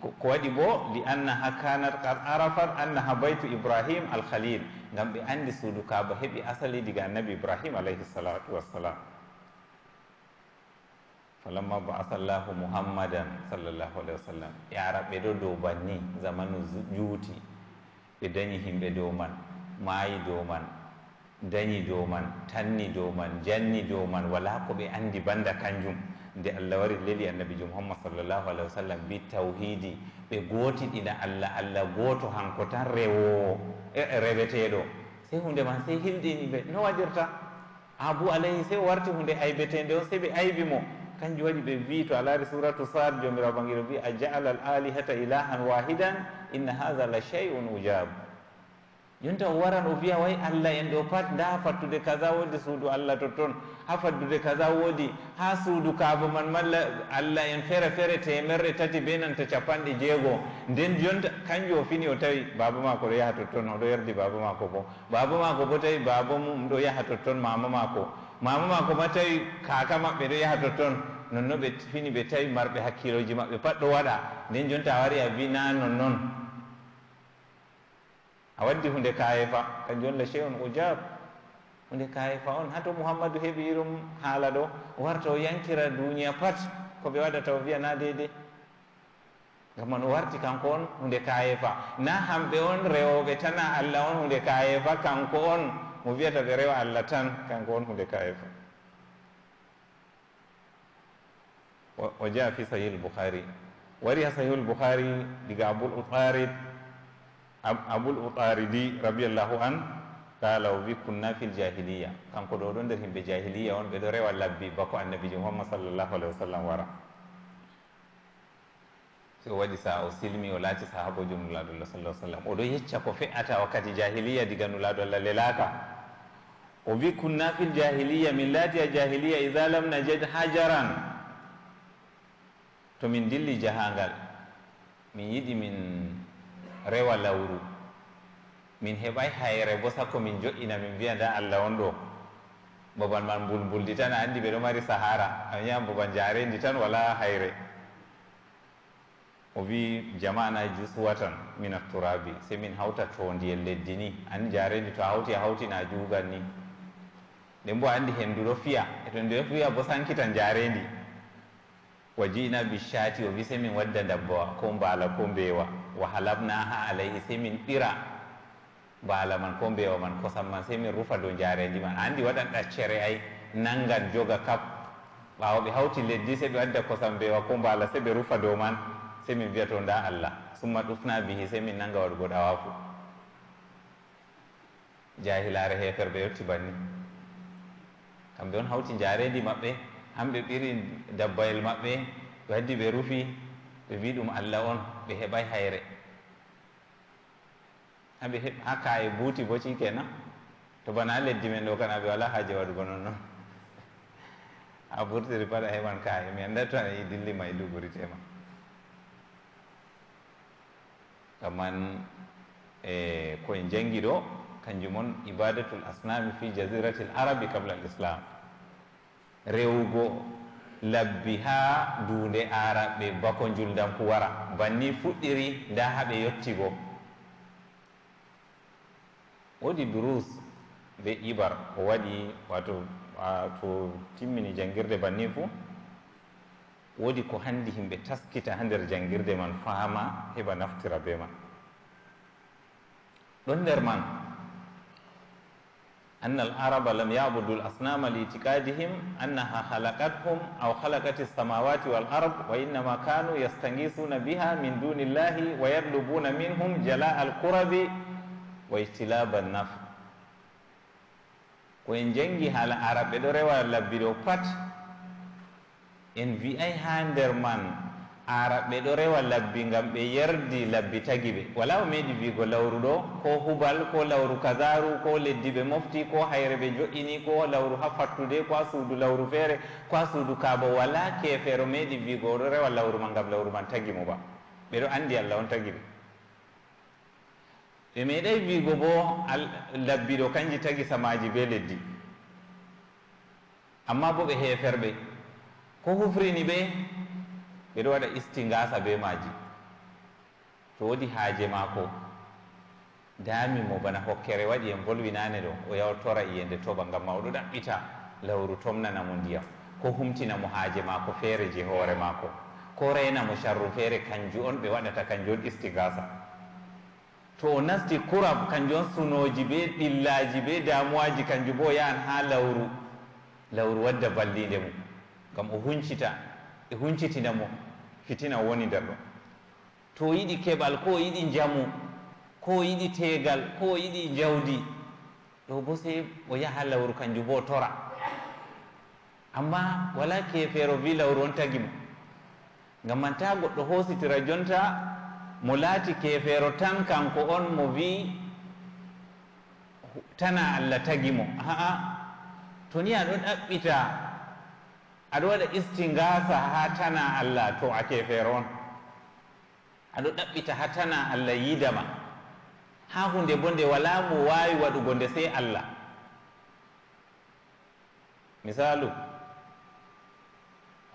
ko waɗi bo li annaha kanat kad arafat annaha baytu ibrahim al khalil gam ɓe andi suudu kaba heɓi asali diga annabi ibrahim alayhi salatu wassalam falamma baasa llahu muhammadan sallllahu alayhi wa sallam e ara ɓe ɗo dow banni zamanu juuti ɓe dañi himɓe dow man maayi dow man dañi dow man tanni dow man janni dow man wala ko ɓe andi banda kanjum nde allah wari leli annabijo muhammad sallllahu alahi wa sallam bi tawhidi ɓe gootiɗina allah allah gooto hanko tan rewoo e, e, reweteeɗo sey hunde ma sey hilɗini ɓe no waɗirta abou alayhi sey o warti hunde aybeteende o sey ɓe aybi mo kanju waɗi ɓe wi to alaari suratu sad jomirabangiro mbi a jaala al alihata ilahan wahidan inna hada la shey un ujabe jon tan o waran o wiya way allah en ɗo pat nda fattude kaza woodi suudu allah totton ha fattude kaza woodi ha suudu kaaba man malla allah en feere feere temerre tati be nanta capanɗe jeego nden jonta kanjum o fini o tawi baaba maako ɗo yaha totton oɗo yerdi baaba maako bo baaba maako bo tawi baaba mum ɗo yaha totton mama maako mama maako ma tawi kaaka maɓɓe ɗo yaha totton nonnon ɓe fini ɓe tawi marɓe hakkiloji maɓɓe pat ɗo waɗa nden jonta a wari a wi na nonnoon a waddi hunde kayefa kanjum on la chey on ujab hunde kayefa on hato mouhammadou heeɓi irum haala ɗo warta o yankira duniya pat ko ɓe waɗata o wiya na deydey ngam man o warti kanko on hunde kayefa na hamɓe on rewoɓe tan a allah on hunde kayefa kanko on mo wiyata ɓe rewa allah tan kanko on hunde kayefa o jaa fi sahih lboukhari wari ha sahih lboukhari diga aboul utarid aboul outaridi radiallahu an kala o wi kunna fil jahiliya kanko ɗo ɗo nder himɓe jahiliya on ɓe ɗo rewa labbi bako annabijo muhammad sallllahu alayhi wa sallam wara so o waɗi sa o silmi o laati sahabojo nulaɗo allah sall sallam oɗo yecca ko fe'ata wakkati jahiliya diga nulaɗo allah lelaka o wi kunna fil jahiliya min laati a jahiliya ida lam najed hajaran to min dilli jahangal min yiɗi min rewa lawru min heɓay hayre bo sakko min joƴƴina min mbiya nda allah on ɗo boban man mbulmbuldi tan a anndi ɓe ɗo mari sahara a wiyan babal njarendi tan wala hayre o wi jama'ana jusuwa tan min atturabi se min hawta tondiyel leddi ni anndi njarendi to a hawti a hawtina juugan ni nden bo anndi henndu ɗo fiya eto ndu ɗo fiya bo sankita njarendi wa jina bishati o wi se min wadda dabbawa ko mbaala ko mbeewa wa halabnaha alayhi se min ɗira mbaala man fo mbewa man kosam man se min rufa dow jareji man andi waɗan ɗaccere ay nangan joga kap ɓawa ɓe hawti leddi se ɓe wadda kosam mbewa ko mbaala se ɓe rufa dow man se min mbiya to nda allah summa ɗufna bihi se min nanga waɗugo ɗawa fu jahilare hefere ɓe yetti banni kamɓe on hawti jaredi maɓɓe hamɓe ɓiri dabbayel maɓɓe ɓe waddi ɓe rufi ɓe mbi ɗum allah on ɓe heɓay hayre aɓe heɓ ha kaye buuti boci kena to bana leddi men ɗo kana ɓe wala haaji waɗugo noon noon [LAUGHS] a ɓurtiri pat a heɓan kaye mi annda to ayi dillima e luɓuritema kaman e koye jangi ɗo kanjum on ibadatul asnami fi jazirati l arabi kabla l'islam rewugo labbiha duunde araɓɓe bako juldan ku wara banni fuɗɗiri nda ha ɓe yetti bo woodi brus be ibar o waɗi wato to timmini jangirde banni fu woodi ko handi himɓe taskita ha nder jangirde man faama heɓa naftira be man ɗon nder man anna al araba lam yabudu l asnama li itikadihim annaha halakathum au halakat lsamawati w al ard wa innama kanu yastangisuna biha min duni illahi wa yatlubuna minhum jala al kurabi wa ijtilaba annaf koyen jangi hala arab ɓe ɗo rewa labbi ɗo pat en wi ay ha nder man araɓe ɗo rewa labbi gam ɓe yerdi labbi tagi ɓe wala o meeɗi wigo lawru ɗo ko hubal ko lawru kasaru ko leddi ɓe mofti ko hayre ɓe joƴini ko lawru ha fattude ko a suudu lawru feere ko a suudu kaaba wala keefeere o meeɗi wigo oɗo rewa lawru ma gam lawru man tagi mo ba ɓe ɗo anndi allah on tagi ɓe ɓe meeɗay wigo bo labbi ɗo kanji tagi samaji be leddi amma bo ɓe heeferɓe ko hufrini ɓe ɓeɗo waɗa gasa be maji to wodi haaje maako dami mo bana hokkere waɗi en bolwinane ɗo o yaw tora iyende toba ngam ma oɗo ɗaɓɓita lawru tomnana mo ndiyam ko humtina mo haaje maako feere je hoore maako ko rena mo sharru feere kanju on ɓe waɗata kanju on istigasa to o nasti kurab kanju on sunoji be ɗillaji be damuwaji kanju bo yahan ha lawru lawru wadda ballide mum ngam o huncita e huncitina mo fitina woni nder ɗon to yiɗi keɓal ko yiɗi jamu ko yiɗi teegal ko yiɗi jawdi ɗo bo se o yaha lawru kanju bo tora amma wala kefeero wi lawru on tagi mo ngam manta goɗɗo hoositira jonta mo laati kefeero tan kanko on mo wi tana allah tagi mo aa to ni a ɗon ɗaɓɓita aɗa waɗa istingasa ha tana allah to ake feere on aɗo ɗaɓɓita ha tana allah yidama ha hunde bo nde wala mo wawi waɗugo nde sai allah misalu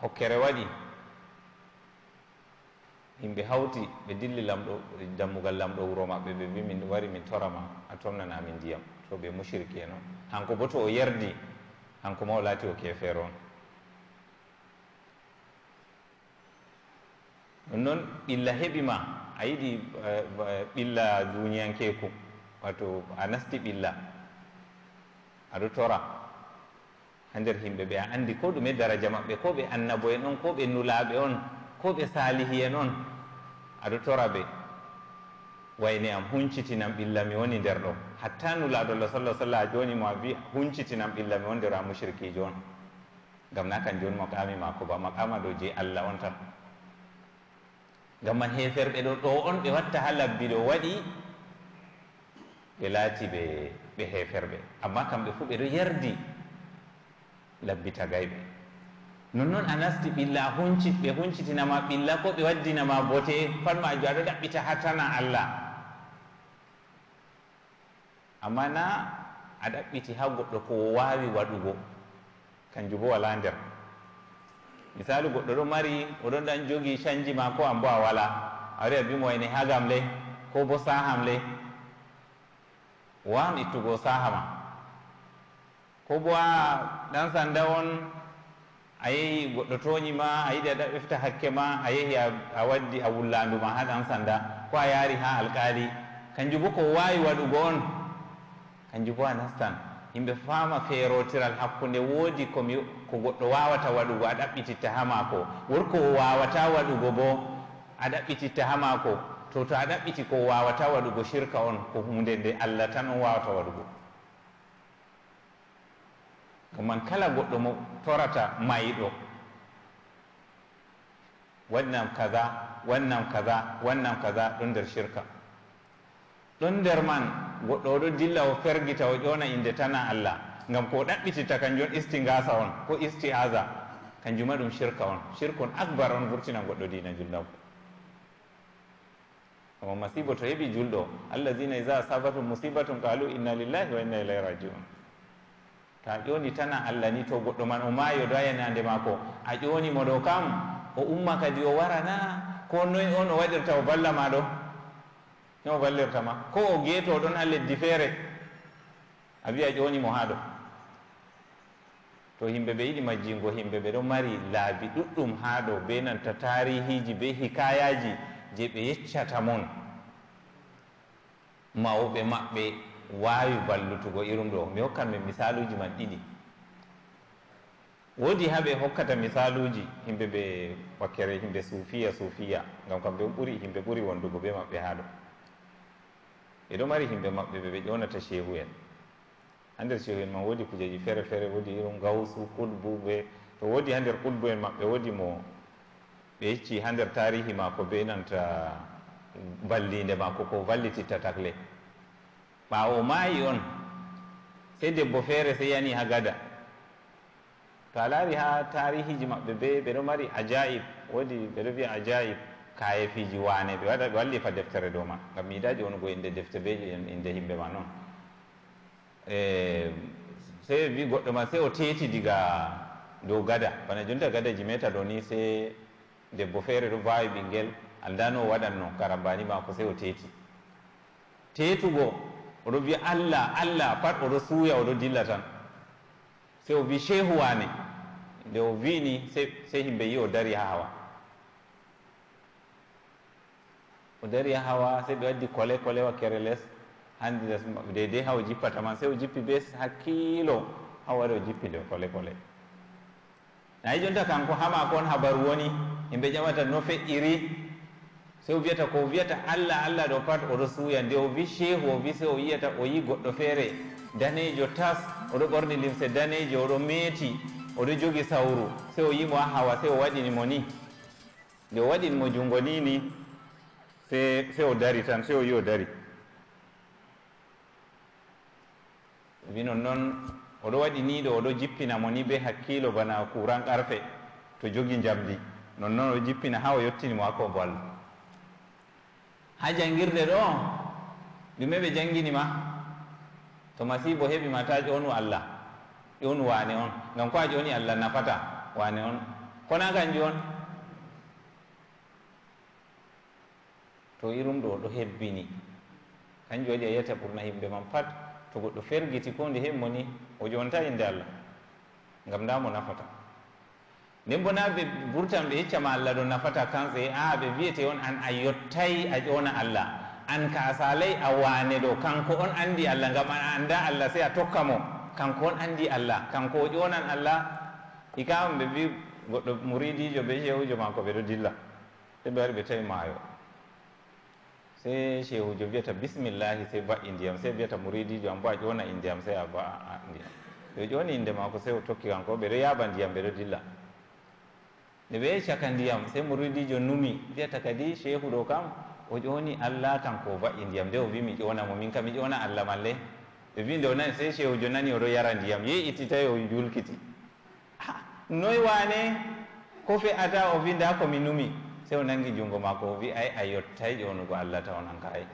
hokkere waɗi yimɓe hawti ɓe dilli lamɗo dammugal lamɗo wuro maɓɓe ɓe mbi min wari min torama a tomnanamin ndiyam to ɓe mushriki hanko bo to o yerdi hanko ma o laati o kefeere on ɗum noon ɓilla heɓima a yiɗi eh, ɓilla duñiyankeku wato a nasti ɓilla aɗo tora ha nder himɓe ɓe a andi ko ɗume daraja maɓɓe ko ɓe annabo en on ko ɓe nulaɓe on ko ɓe salihi en on aɗo tora ɓe wayne am huncitinam ɓilla mi woni nder ɗo hatta nulaɗo llah sallah sallah a joni mo a wi huncitinam ɓilla mi woni nder a mushrikijo on gam na kan joni mo kami ma ko ba maqama ɗo je allah on tan gam man heferɓe ɗo ɗo on ɓe watta ha labbi ɗo waɗi ɓe laati ɓe ɓe heferɓe amma kamɓe fuu ɓe ɗo yardi labbi tagayɓe nonnoon a nasti ɓilla hunci ɓe huncitinama ɓilla ko ɓe waddinama bote pat ma jo aɗo ɗaɓɓita ha tana allah amma na a ɗaɓɓiti ha goɗɗo ko wawi waɗugo kanjum bo wala nder misalu goɗɗo ɗo mari oɗon ɗan jogi canji ma ko an bo a wala a wari a bimo wayne hagam le ko bo saham le wawan ittugo saha ma ko bo a ɗan sanda on a yehi goɗɗo toñi ma a yiɗi a ɓefta hakke ma a yehi a waddi a wullandu ma ha ɗan sanda ko a yaari ha alkali kanjum bo ko wawi waɗugo on kanjum bo a nastan yimɓe faama feerotiral hakkunde woodi komi ko goɗɗo waawata waɗugo a ɗaɓɓititta ha maa ko worko o waawata waɗugo boo a ɗaɓɓititta ha maa ko to to a ɗaɓɓiti ko waawata waɗugo sirka on ko hunde nde allah tan on waawata waɗugo oman kala goɗɗo mo torata mayɗo waɗnam kaza waɗnam kaza waɗnam kaza ɗon nder sirka ɗon nder man goɗɗo oɗo dilla o fergita o ƴona inde tana allah ngam ko ɗaɓɓititta kanjum isti gasa on ko istihaza kanjuma ɗum shirka on shirkun akbar on vurtina goɗɗo dina julɗo omo masibo to heɓi julɗo allahina isa asabatum musibatum qalu inna lillahi wa inna ilahi rajiun ta ƴoni tana allah ni to goɗɗo man o maayo do ayanande maako a ƴonimo ɗo kam o umma kadi o warana ko noy on o waɗirta o balla ma no wallirtama ko o geeto ɗon ha leddi feere a wiya ƴooni mo haa ɗo to yimɓe ɓe yiɗi majjingo yimɓe ɓe ɗo mari laabi ɗuɗɗum haa ɗo be nanta tarihiji be hikayaji je ɓe yeccata mon mawɓe maɓɓe waawi ballutugo irum ɗo mi hokkan ɓe misaluji man ɗiɗi woodi haa ɓe hokkata misaluji yimɓe ɓe wakkere yimɓe suufiya suufiya ngam kam ɓe ɓuri yimɓe ɓuri wondugo be maɓɓe haa ɗo eɗo mari himɓe maɓɓe ɓe ɓe ƴonata shehu en ha nder shehu en man woodi kujeji feere feere woodi irum gawsu kudbu ɓe to woodi ha nder kudbu en maɓɓe woodi mo ɓe yecci ha nder tarihi maako be nanta ballinde maako ko vallititta takle ɓawo maayi on sey debbo feere sey yani ha gada to a laari ha tarihiji maɓɓe be ɓeɗo mari ajaib woodi ɓeɗo wiya ajaib kayefiji wane ɓe waɗa ɓe walli fa deftere dow ma ngam miyiɗa jonugo inde defte ɓe inde yimɓe ma noon e sey wi goɗɗo ma sey o teeti diga dow gada bana jonta gadaji meta ɗo ni sey debbo feere ɗo mbawi ɓinguel andano o waɗan noon karambani mako sey o teeti teetugo oɗo wiya allah allah pat oɗo suuya oɗo dilla tan sey o wi chehu wane nde o wini sey himɓe yi o dari ha hawa o dari hawa se ɓe waddi kole kole wa kere les hanndi les dede ha o jippata man se o jippi be hakkilo ha wari o jippi le kole kole nayi jonta kanko hama kon habaru woni yimɓe ƴamata no feƴƴiri se o wiyata ko wiyata allah allah ɗo pat oɗo suuya nde o wi chehu o wi se o yiyata o yi goɗɗo feere danejo tas oɗo ɓorni limse danejo oɗo meeti oɗo jogi sawru se o yimo a hawa se o waɗini mo ni nde o waɗini mo junngo ni ni fe o dari tan fe o yi o dari wi non noon oɗo waɗi ni ɗo oɗo jippina mo ni be hakkilo bana kuran qarfe to jogi jamdi nonnoon oɗo jippina ha o yettini mo hakko bo allah ha jangirde ɗo ɗume ɓe janginima to masibo heɓi mata ƴonu allah ƴonu wane on gam ko a ƴoni allah nafata wane on kona kanji on to irum ɗo ɗo hebbini kanjum waɗi a yiyata ɓurna yimɓe man pat to goɗɗo fergiti ko nde hemmoni o jonta innde allah ngam nda mo nafata nden bo na ɓe ɓurtan ɓe hecca ma allah ɗo nafata kanse a ɓe wiyete on an a yottay a ƴona allah an ka a salay a wane ɗo kanko on andi allah ngam an annda allah sey a tokka mo kanko on andi allah kanko o ƴonan allah i kama ɓe mbi goɗɗo muridijo ɓe jehujo ma ko ɓe ɗo dilla ɓe ɓe wari ɓe tawi maayo sai shehu jo biyata bismillahi sai ba indiyam sai biyata muridi jo amba jo na indiyam sai a ba ndiyam jo ni inde maako sai o tokki kanko ɓeɗo yaaba ndiyam ɓeɗo dilla ne be yehi caka ndiyam sai jo numi biyata kadi shehu do kam o jo ni allah kanko o ba indiyam de o bi mi jo na mo min kam jo na allah malle be bi nde na sai shehu jo nani oɗo yara ndiyam yehi ittitawi o julkiti noy wane ko fe fe'ata o vinda ko komi numi sewo nangi junngo ma ko o wi ay a yottay ƴownugo allah taw nan kaay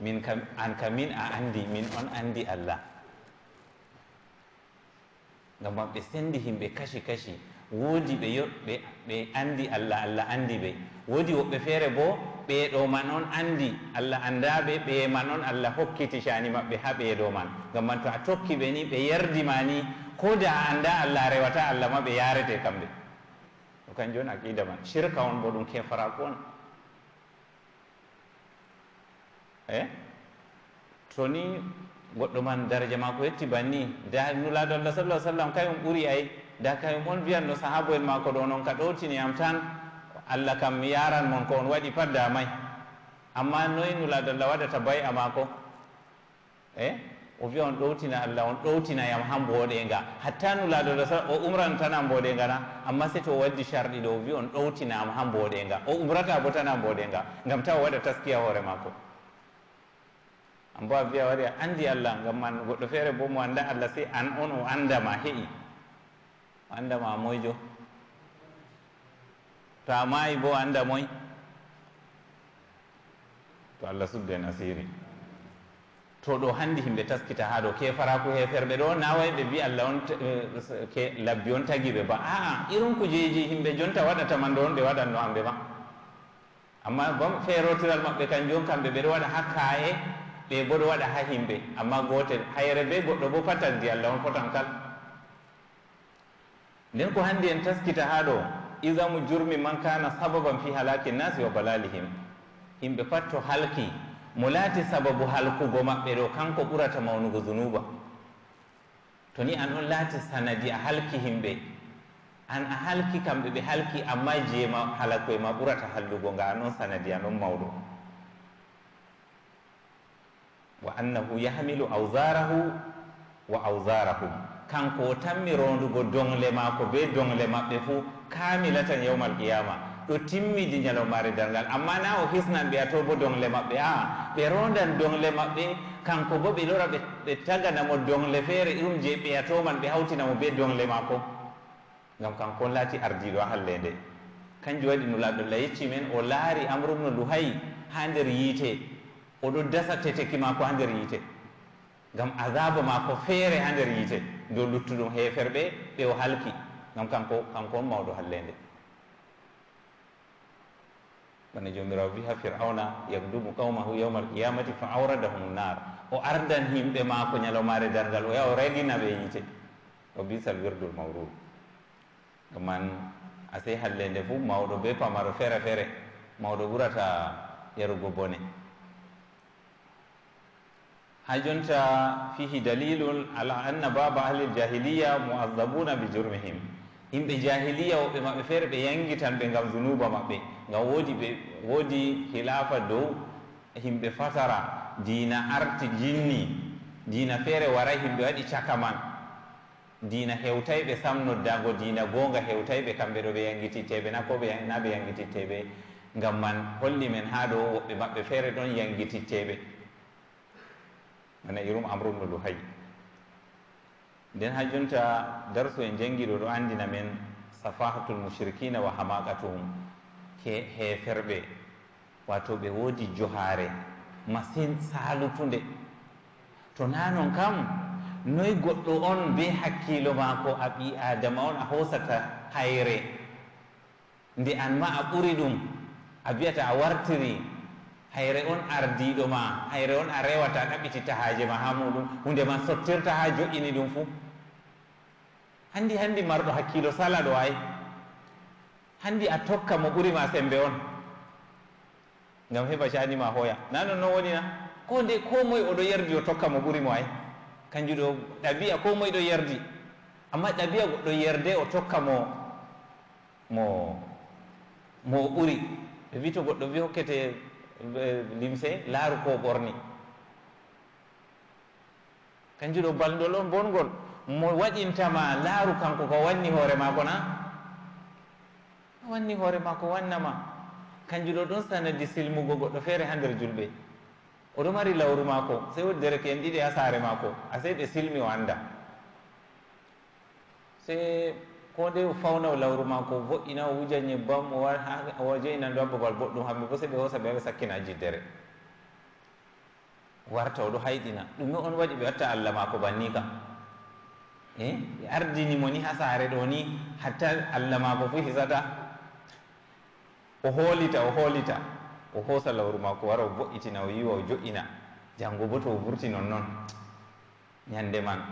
min kam an ka min a anndi min on anndi allah ngam ma ɓe senndi himɓe kashi kashi woodi ɓe yoɓɓe ɓe anndi allah allah anndi ɓe woodi woɓɓe feere boo ɓeeɗo man on anndi allah anndaaɓe ɓee man on allah hokkiti caani maɓɓe haa ɓeeɗo man ngam man to a tokki ɓe ni ɓe yardi ma ni ko da a annda allah a rewata allah ma ɓe yaaretee kamɓe kanjum joni aqida man shirka on bo ɗum kefarako on e to ni goɗɗo man daraja mako hetti banni da nulaɗo allah sal lah sallam kayum ɓuuri ay da kayum on wiyanno sahaabu en mako ɗo noon ka ɗowtiniyam tan allah kam mi yaran mon ko on waɗi pat damay amma noyi nulaɗo allah waɗata bay a mako e eh? o wiya on ɗowtina allah on ɗowtina yam ha mboɗenga hatta nu laaɗoɗo sa o umran tana mboɗenga na amma si to o waddi charɗi ɗo o wi on ɗowtinaam ha mboɗenga o umrata bo tana mboɗenga ngam taw o waɗa taskiya hoore makko ambowa wiya wari a anndi allah ngam man goɗɗo feere bo mo annda allah si an on o anndama heƴi o anndama moyjo to a maayi bo o annda moy to allah sudde nasiri to ɗo hanndi himɓe taskita haa ɗo ke farako heferɓe ɗo naway ɓe mbi allah on eh, ke labbi on tagi ɓe ba aa irin kujeji himɓe jonta waɗata man ɗo on ɓe waɗanno hamɓe ma amma bom feerotiral maɓɓe kanjum on kamɓe ɓeɗo waɗa haa kaa'e ɓe bo ɗo waɗa haa himɓe amma gootel hayre be goɗɗo bo patandi allah on fotan kal nden ko hanndi en taskita haa ɗo isamu jurmi man kana sababan fi halaki nnasi wa balalihim himɓe pat to halki mo laati sababu halkugo maɓɓe ɗo kanko ɓurata mawnugo zunuba to ni a noon laati sanadi a halki himɓe an a halki kamɓe ɓe halki amma jeema halakoye ma ɓurata hallugo nga a noon sanadi a noon mawɗo wa annahu yahmilu awsarahu wa awsarahum kanko o tanmi rondugo dongle maako be dongle maɓɓe fuu kamila tan yawmal qiyama ɗo timmiji ñalowmare dalngal amma na o hisnan ɓeya to bo dongle maɓɓe a ɓe rondan dongle maɓɓe kanko bo ɓe lora ɓe taganamo dongle feere ɗum je ɓeya to man ɓe hawtinamo be dongle maako ngam kanko on laati ardiɗo a hallede kanjum waɗi nulaɗon la yecci men o laari amrumno ndu hayi ha nder yiite oɗo dasa teteki maako ha nder yiite ngam azaba maako feere ha nder yiite ndo luttuɗum heeferɓe ɓe o halki ngam kanko kanko on mawɗo hallende bana jomirawo wi ha firauna yagdumu qaumahu yawma alqiyamati fa auradahum nar o ardan himɓe maako ñalawmaare dardal o yaha o reɗina ɓe yite o bisal wirdol mawrud ɗu man asey hallende fo mawɗo be pamaro feere feere mawɗo ɓurata yarugo bone ha jonta fihi dalilul ala anna baba ahlil jahiliya moazabuna bi jurmihim yimɓe jahiliya woɓɓe maɓɓe feere ɓe yangitan ɓe ngam zunuba maɓɓe nga wodi be wodi khilafa dow himɓe fatara dina arti jinni dina fere wara himɓe waɗi caka man samno dago dina gonga diina be kambe kamɓe be yangiti tebe na ko ɓe na yangiti tebe ngam man holli men do wobbe woɓɓe maɓɓe don ɗon tebe mana irum lu hay nden ha jonta darsu en jangiɗo ɗo andina men safahatul mushrikina wa hamaqatuhum heferɓe wato ɓe woodi johaare masin saalutunde to nanon kam noyi goɗɗo on be hakkilo maako a ɓi adama on a hoosata hayre nde an ma a ɓuri ɗum a biyata a wartiri hayre on ardiɗo ma hayre on a rewata ɗaɓɓititta haaje ma ha muɗum hunde ma sottirta ha joƴini ɗum fuu hanndi hanndi marɗo hakkilo sala ɗo ay handi a tokka mo ɓuri ma sembe on ngam heɓa ma hoya na non noon na ko nde ko moye oɗo yerdi o tokka mo ɓuri mo ay kanju ɗo a ko moye ɗo yerdi amma ɗabiya goɗɗo yerde o tokka mo mo mo ɓuri ɓe wi to goɗɗo wi hokkete limse laaru ko ɓorni kanju ɗo balɗol on bongol mo waɗintama laaru kanko ko wanni hoore maako na wanni hoore ma ko wannama kanju ɗo ɗon sanadi silmugo goɗɗo feere ha nder julɓe oɗo mari lawru maako sey woɗi dereke en ɗiɗi ha saare maako a sey ɓe silmi o annda sey ko nde o fawna o lawru maako vo'ina o wuja ñebbam owa jeyinando a babal boɗɗum hamɓe bo sey ɓe hoosa ɓe aɓe sakkina jiddere warta oɗo hayɗina ɗume on waɗi ɓe watta allah maako banni kam e eh? ɓe ardini mo ni ha saare ɗo ni hatta allah maako fo hisata o hoolita o hoolita o hoosa lawru maako wara o bo'itina o yiwa o jo'ina janngo bo to o vurti non noon ñannde man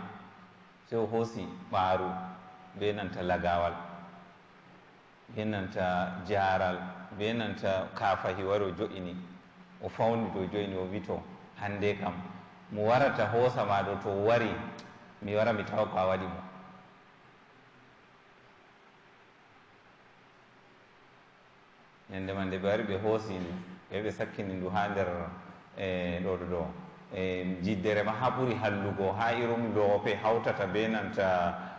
sey o hoosi ɓaaru be nanta lagaawal be nanta jaaral be nanta kaafahi wari o jo'ini o fawni to joyni o wi to hannde kam mo warata hoosa maa ɗo to wari mi wara mi tawa ko a waɗi mo ñande ma nde ɓe ari ɓe hoosini ɓe ɓe sakkini ndu ha nder e ɗo ɗo ɗo e jiddere ma ha ɓuri hallugo ha irum loope hawtata be nanta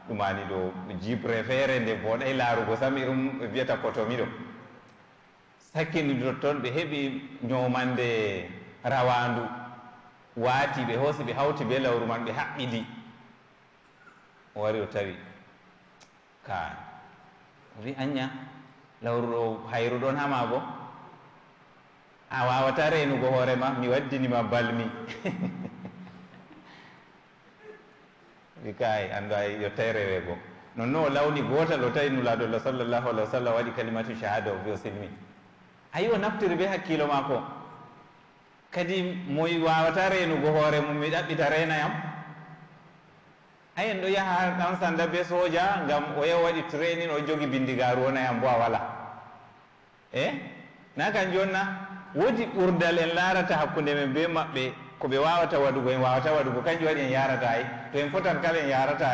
ɗumani ɗo ji préfére nde boɗay laarugo sam irum wiyata kotomi ɗo sakkini dotton ɓe heɓi ñomande rawandu waati ɓe hoosi ɓe hawti be lawru man ɓe haɓɓidi o wari o tawi ka wi anña lawruɗo hayru ɗon hama bo a wawata renugo hoorema mi waddinima balmi wi [LAUGHS] kay andu ay yettay rewe go nonno o lawni gotal o tawi nulaɗolla sallllahu alah wa sallam waɗi kalimatu shahada o biosilmi ayi o naftiri be hakkilo mako kadi moy wawata renugo hoore mum mi ɗaɓɓita reena yam aya ndo ya yaha ɗan sanda be soja ngam o waɗi training o jogi bindigaru wona yam a wala e na kan jonna woodi ɓurdal en larata hakkunde men be maɓɓe ko ɓe wawata waɗugo en wawata waɗugo kanjum waɗi en yarata ay to en fotan kala en yarata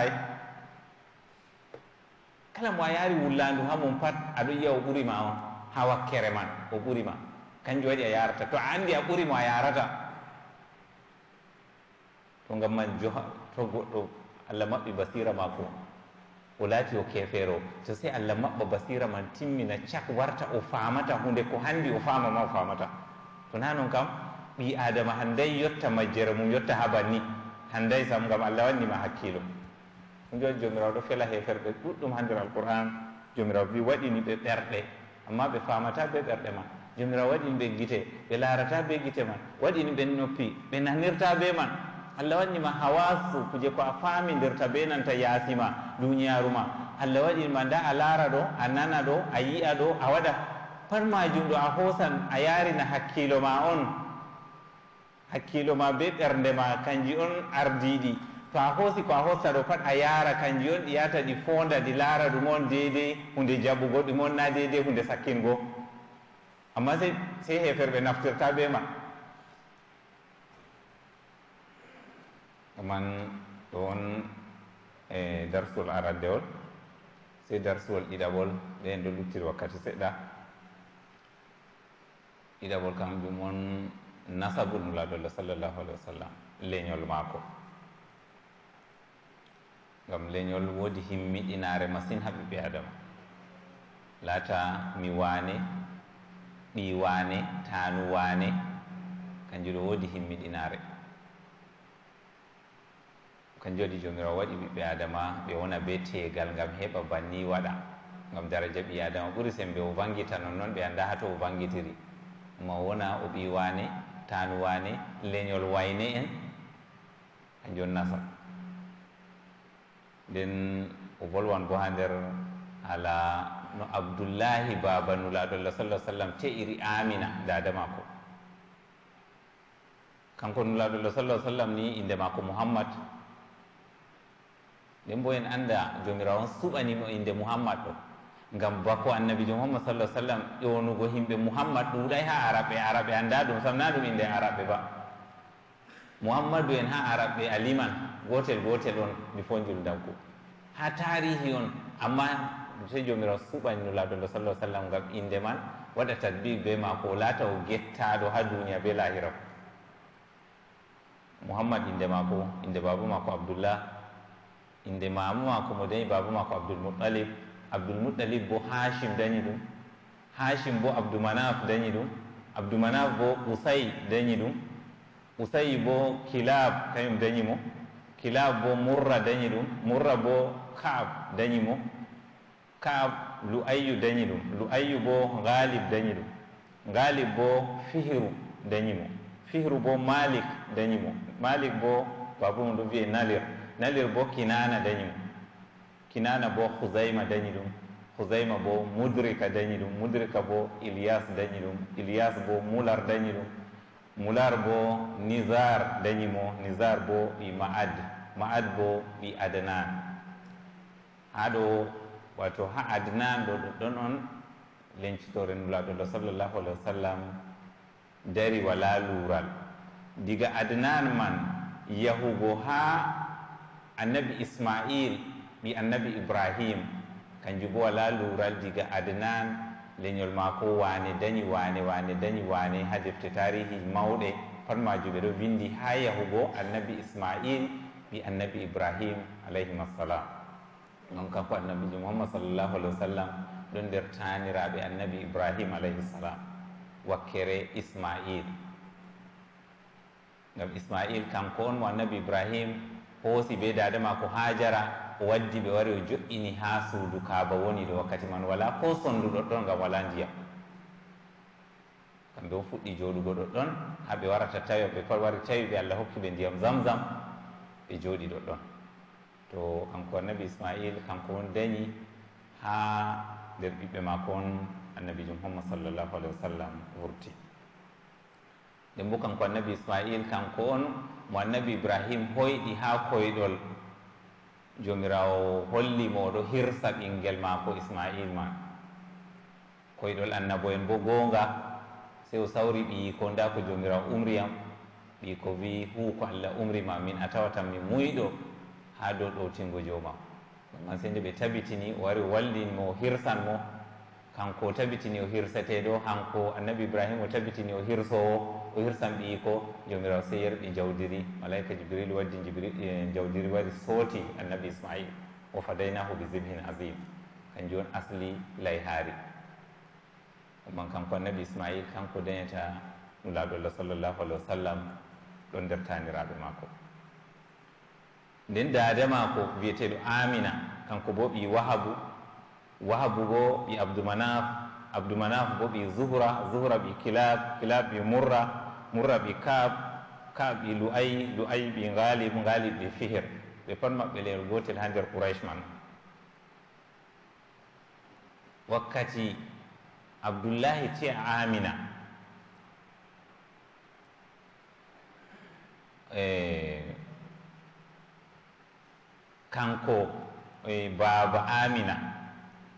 kala mo a yaari wullandu ha mum pat aɗo yiya o ɓurima on ha wakkere man o ɓurima kanjum waɗi a yarata to a andi a ɓurimo a yarata to ngam man jo to goɗɗo allah maɓɓi basira maako o laati o kefeero to sey allah maɓɓa basira man timmina cak warta o faamata hunde ko hanndi o faama ma o faamata to naa noon kam ɓii adama hannday yotta majjere mum yotta haa banni hannday sam ngam allah wanndima hakkiilo ɗum jooni joomiraw ɗo fela heeferɓe ɗuɗɗum hanndir alqouran joomiraw wi waɗini ɓe ɓerɗe amma ɓe faamata be ɓerɗe ma joomiraw waɗini ɓe gite ɓe laarata be gite man waɗini ɓe noppi ɓe nanirta be man allah waɗinima hawasu kuje ko a famidirta be nanta yaasima duniyaruma allah waɗinima nda a lara ɗo a nana ɗo a yi'a ɗo a waɗa pat majum ɗo a hosan a yarina hakkilo ma on hakkilo ma be ɓernde ma kanji on ardiɗi to a hoosi ko a hosta ɗo pat a yara kanji on ɗi yata ɗi fonda ɗi lara ɗum on dede hunde jaɓugo ɗum on na dede hunde sakkingo amma sai sey heferɓe naftirta be ma. man ɗoon e darsol araddewol sey darsuwol ɗiɗaɓol ɓe ndo luttiri wakkati seɗɗa ɗiɗaɓol kam ɗum on nasabu nulaɗolla sallllahu alah wa sallam leñol maako ngam leñol woodi himmiɗinaare masin ha ɓiɓɓe adama laata mi waane ɗi waane taanu waane kanjuɗo woodi himmiɗinaare kanjum waɗi jomirawo waɗi ɓiɓɓe adama ɓe wona be tegal ngam heɓa banni waɗa ngam daraja ɓi adama ɓuri sembe o vangita nonnoon ɓe annda hato o vangitiri ma wona o ɓi wane tanu wane leñol wayne en kanjum nasa nden o volwan bo ha nder ala no abdoullahi babanulaɗolla sallah sallam teiri amina dada mako kanko nulaɗolla sallah sallam ni inde mako mouhammad nden bo en annda jomirawo on suɓanima innde muhammad ɗo ngam bako annabi jo muhammad sallah sallam ƴownugo himɓe muhammad ɗuuɗay ha araɓe araɓe annda ɗum sam na ɗum innde araɓe ba muhammadu en ha araɓe aliman gotel gotel on mi fonjul danko ha tarihi on amma se jomirawo suɓanino laadolo sallah sallam ngam innde man waɗa tasbig be mako laata o gettaɗo ha duniya be lahira muhammad innde mako innde baba mako abdoullah innde mama mako mo dañi baba mako abdoulmoualib abdoulmoualib bo hashim dañi ɗum hashim bo abdoumanaf dañi ɗum abdoumanaf bo usayi dañi ɗum usayi bo kilab kañum dañimo kilab bo murra dañi ɗum murra bo kaab dañimo kaab lu ayyu dañi ɗum lu ayyu bo ghalib dañi ɗum ghalib bo fihru dañimo fihru bo malik dañimo malik bo babamu ɗo wiye nalir nalir bo kinana dañi ɗum kinana bo husayma dañi ɗum husayma bo mudrika dañi ɗum mudrika bo ilias dañi ɗum ilias bo mular dañi ɗum mular bo nisar dañimo nisar bo i maad maad bo i adnan haɗo wato ha adnan ɗo ɗoɗɗon on lencitore nulaɗoɗo sallllahu alih wa sallam dari wala lural diga adnan man yahugo ha annabi ismail mi annabi ibrahima kanjum bo wala lural diga adnan leñol mako wane dañi wane wane dañi wane ha defte tarihi mawɗe pat maju ɓeɗo windi ha yahugo annabi ismail mi annabi ibrahim alayhimassalam on kanko annabijo muhammad sallllahu alih wa sallam ɗon nder taniraɓe annabi ibrahim alayhi salam wakkere ismail gam ismail kanko on mo annabi ibrahim hoosi be dada ma ko haa jara o waddi ɓe wari o joƴini haa suudu kaaba woni ɗo wakkati man wala ko sonndu ɗoɗɗon ngam wala ndiyam kamɓe o fuɗɗi jooɗugo ɗoɗɗon haa ɓe warata tawi ɓe wari tawi ɓe allah hokki ɓe ndiyam zamzam ɓe jooɗi ɗoɗɗon to kanko annabi ismail kanko on dañi haa nder ɓiɓɓe maako on annabi jo mohammad sallllahu alahi wa sallam wurti nden bo kanko annabi ismail kanko on mo annabi ibrahim hoyɗi haa koyɗol jomirawo holli mo oɗo hirsa ɓinngel maako ismail ma koyɗol annabo en bo goonga sey o sawri ɓiyiko nda ko jomirawo umriyam ɓii ko wi huu ko allah umrima min a tawatan mi muyɗo haa dow ɗowtingo jomam ɗumman sey nde ɓe tabitini o wari wallimo hirsan mo kanko tabitini o hirsete ɗo hanko annabi ibrahima o tabitini o hirsowo o hirsan ɓi ko jomirawo se yerɓi jawdiri malaika jibril waddi e, jawdiri wari sooti annabi ismail o fadaynahu bi zibhin azim kanjum on asli layhaari ɗuman kanko annabi ismail kanko dañata ɗum laaɗoallah sallllahu alah wa sallam ɗon nder taaniraaɓe maako nden daada maako wiyeteeɗo amina kanko bo ɓi wahabu wahabu bo ɓi abdoumanaf abdoumanaf bo ɓi zuhra zuhra ɓi kilab kilab ɓi murra murraɓe kaab kaaɓɓi luay luay ɓi ngaalim ngaalib ɓe fihir ɓe pat maɓɓe leel gootel haa nder couraish man wakkati abdoullahi tiya amina e, kanko e, baaba amina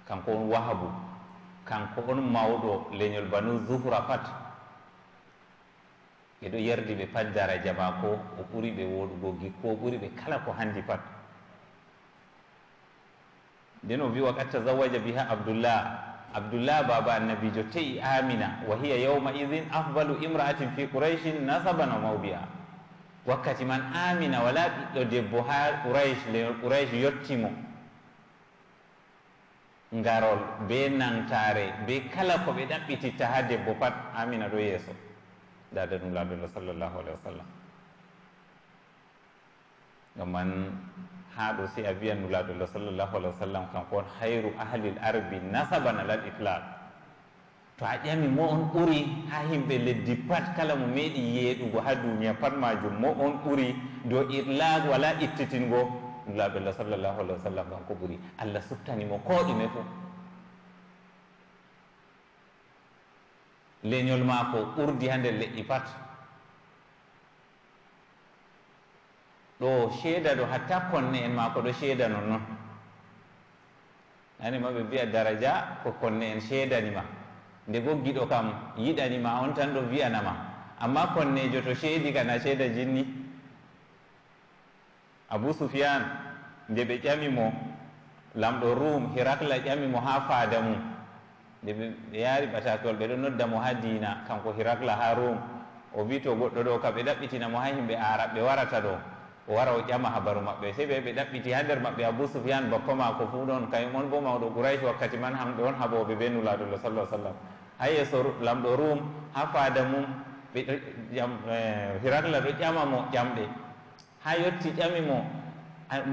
kanko on wahabu kanko on mawɗo leñol banu zuhra pat ɓe ɗo yerdi ɓe pat daraja ma ko o ɓuri ɓe woɗugo gikko ɓuri ɓe kala ko handi pat nden o wi wa qad tazawaja biha abdoullah abdoullah baba annabijo te'i amina wa hiya yawma idin afdalu imra'atin fi quraishin nasaban o mawbi'a wakkati man amina wala ɓiɗɗo debbo ha quraish le quraish yottimo ngarol be nantare be kala ko ɓe ɗaɓɓititta ha debbo pat amina ɗo yeeso daade ɗum laaɓirɗo sallllahu alahi wa sallam ɗum man haa ɗo si a wiyannu laaɓirɗo sallllahu alahi wa sallam kanko on hayru ahlil arbi nasaban alal itlaq to a ƴami mo on ɓuri haa yimɓe leddi pat kala mo meeɗi yeeɗugo haa duniya pat majum mo on ɓuri do itlaq wala ittitingo ɗum laaɓirɗo sallllahu alahi wa sallam kanko ɓuri allah suttanimo koɗume fof leñol ma ko ɓurdi ha nder leƴƴi pat ɗo seeda ɗo hatta konne en ma ko ɗo seeda non noon anima ɓe mbiya daraja ko konne en seedanima nde goggiɗo kam yiɗanima on tan ɗo wiyanama amma konnejo to seedi kana seeda jinni abou soufiane nde ɓe ƴami mo lamɗo rum hirakla ƴami mo ha faada mum nde ɓe yaari ɓatatol ɓe ɗo nodda mo ha dina kanko hirakla ha rome o wi to goɗɗo ɗo ka ɓe ɗaɓɓitina mo ha himɓe arab ɓe warata ɗo o wara o ƴama habaru maɓɓe sey ɓe ɓe ɗaɓɓiti ha nder maɓɓe abou soufian bappa mako fu ɗon kayum on bo mawɗo gouraysi wakkati man hanɓe on haɓoɓe ɓe nulaɗolo sallah ah sallam ha yesso lamɗo rome ha fada mum ɓe ɗo ƴam eh, hirakla ɗo ƴama mo ƴamɗe ha yetti ƴami mo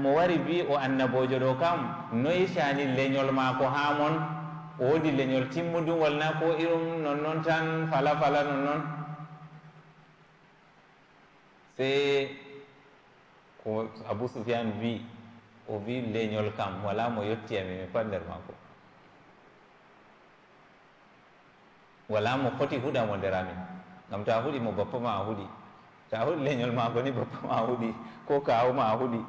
mo wari bi o annabojo ɗo kam noyi cani leñol mako ha mon woodi leñol timmudum walla ko irum nonnoon tan fala fala nonnoon se ko abou soufiane wi o wi leñol kam wala mo yettiyami e mi e pat nder makko wala mo foti huɗa mo nderamin ngam ta huɗi mo bappa ma huɗi ta huɗi leñol maako ni bappa ma huɗi ko kawu ma huɗi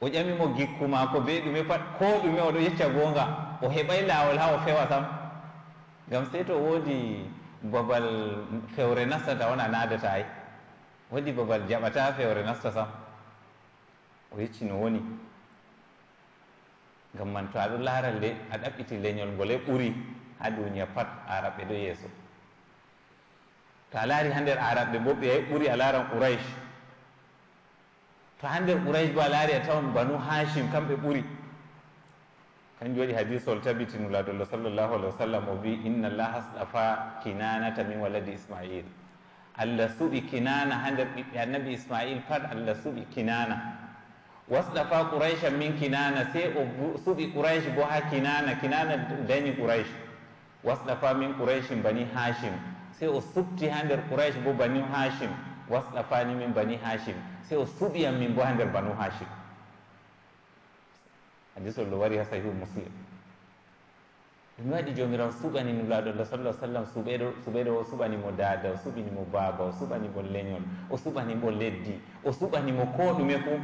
o ƴamimo gikku maako be ɗume pat ko ɗume oɗo oh, yecca goonga o heɓay laawol haa o fewa sam ngam sey to oh, woodi babal fewre nastata wona naadata ay oh, woodi babal jaɓata fewre nasta sam o yecci no woni ngam man to aɗo laara le a ɗaɓɓiti leñol ngol ɓuri haa duniya pat araɓɓe ɗo yeeso to a laari haa nder araɓɓe bo ɓe ay ɓuri a laaran ouraish to hannde qouraje bo a laari a e tawan banu hachim kamɓe ɓuri kanjum waɗi hadis ol tabitinulaadollo sallllahu alih wa sallam o wi inna allah astafa kinanata min waladi ismail allah suɓi kinana ha nder ɓiɓɓe annabi ismail pat allah suɓi kinana wastafa qouraysha min kinana se o suɓi qouraysha bo ha kinana kinana dañi qouraysha wastafa min qouraychin bani hachim se o suɓti ha nder qouraysha bo bani hachim fani min bani hashim sai o suɓiyam min bo ha nder banu hashim hadis ollo wari ha sahihu muslim ɗumi waɗi jomirawo suɓani nulaɗo allah sallah sallam suɓeɗo suɓeɗo o suɓanimo dada o suɓinimo baba o suɓanimo leñol o suɓanimo leddi o suɓanimo ko ɗume fuu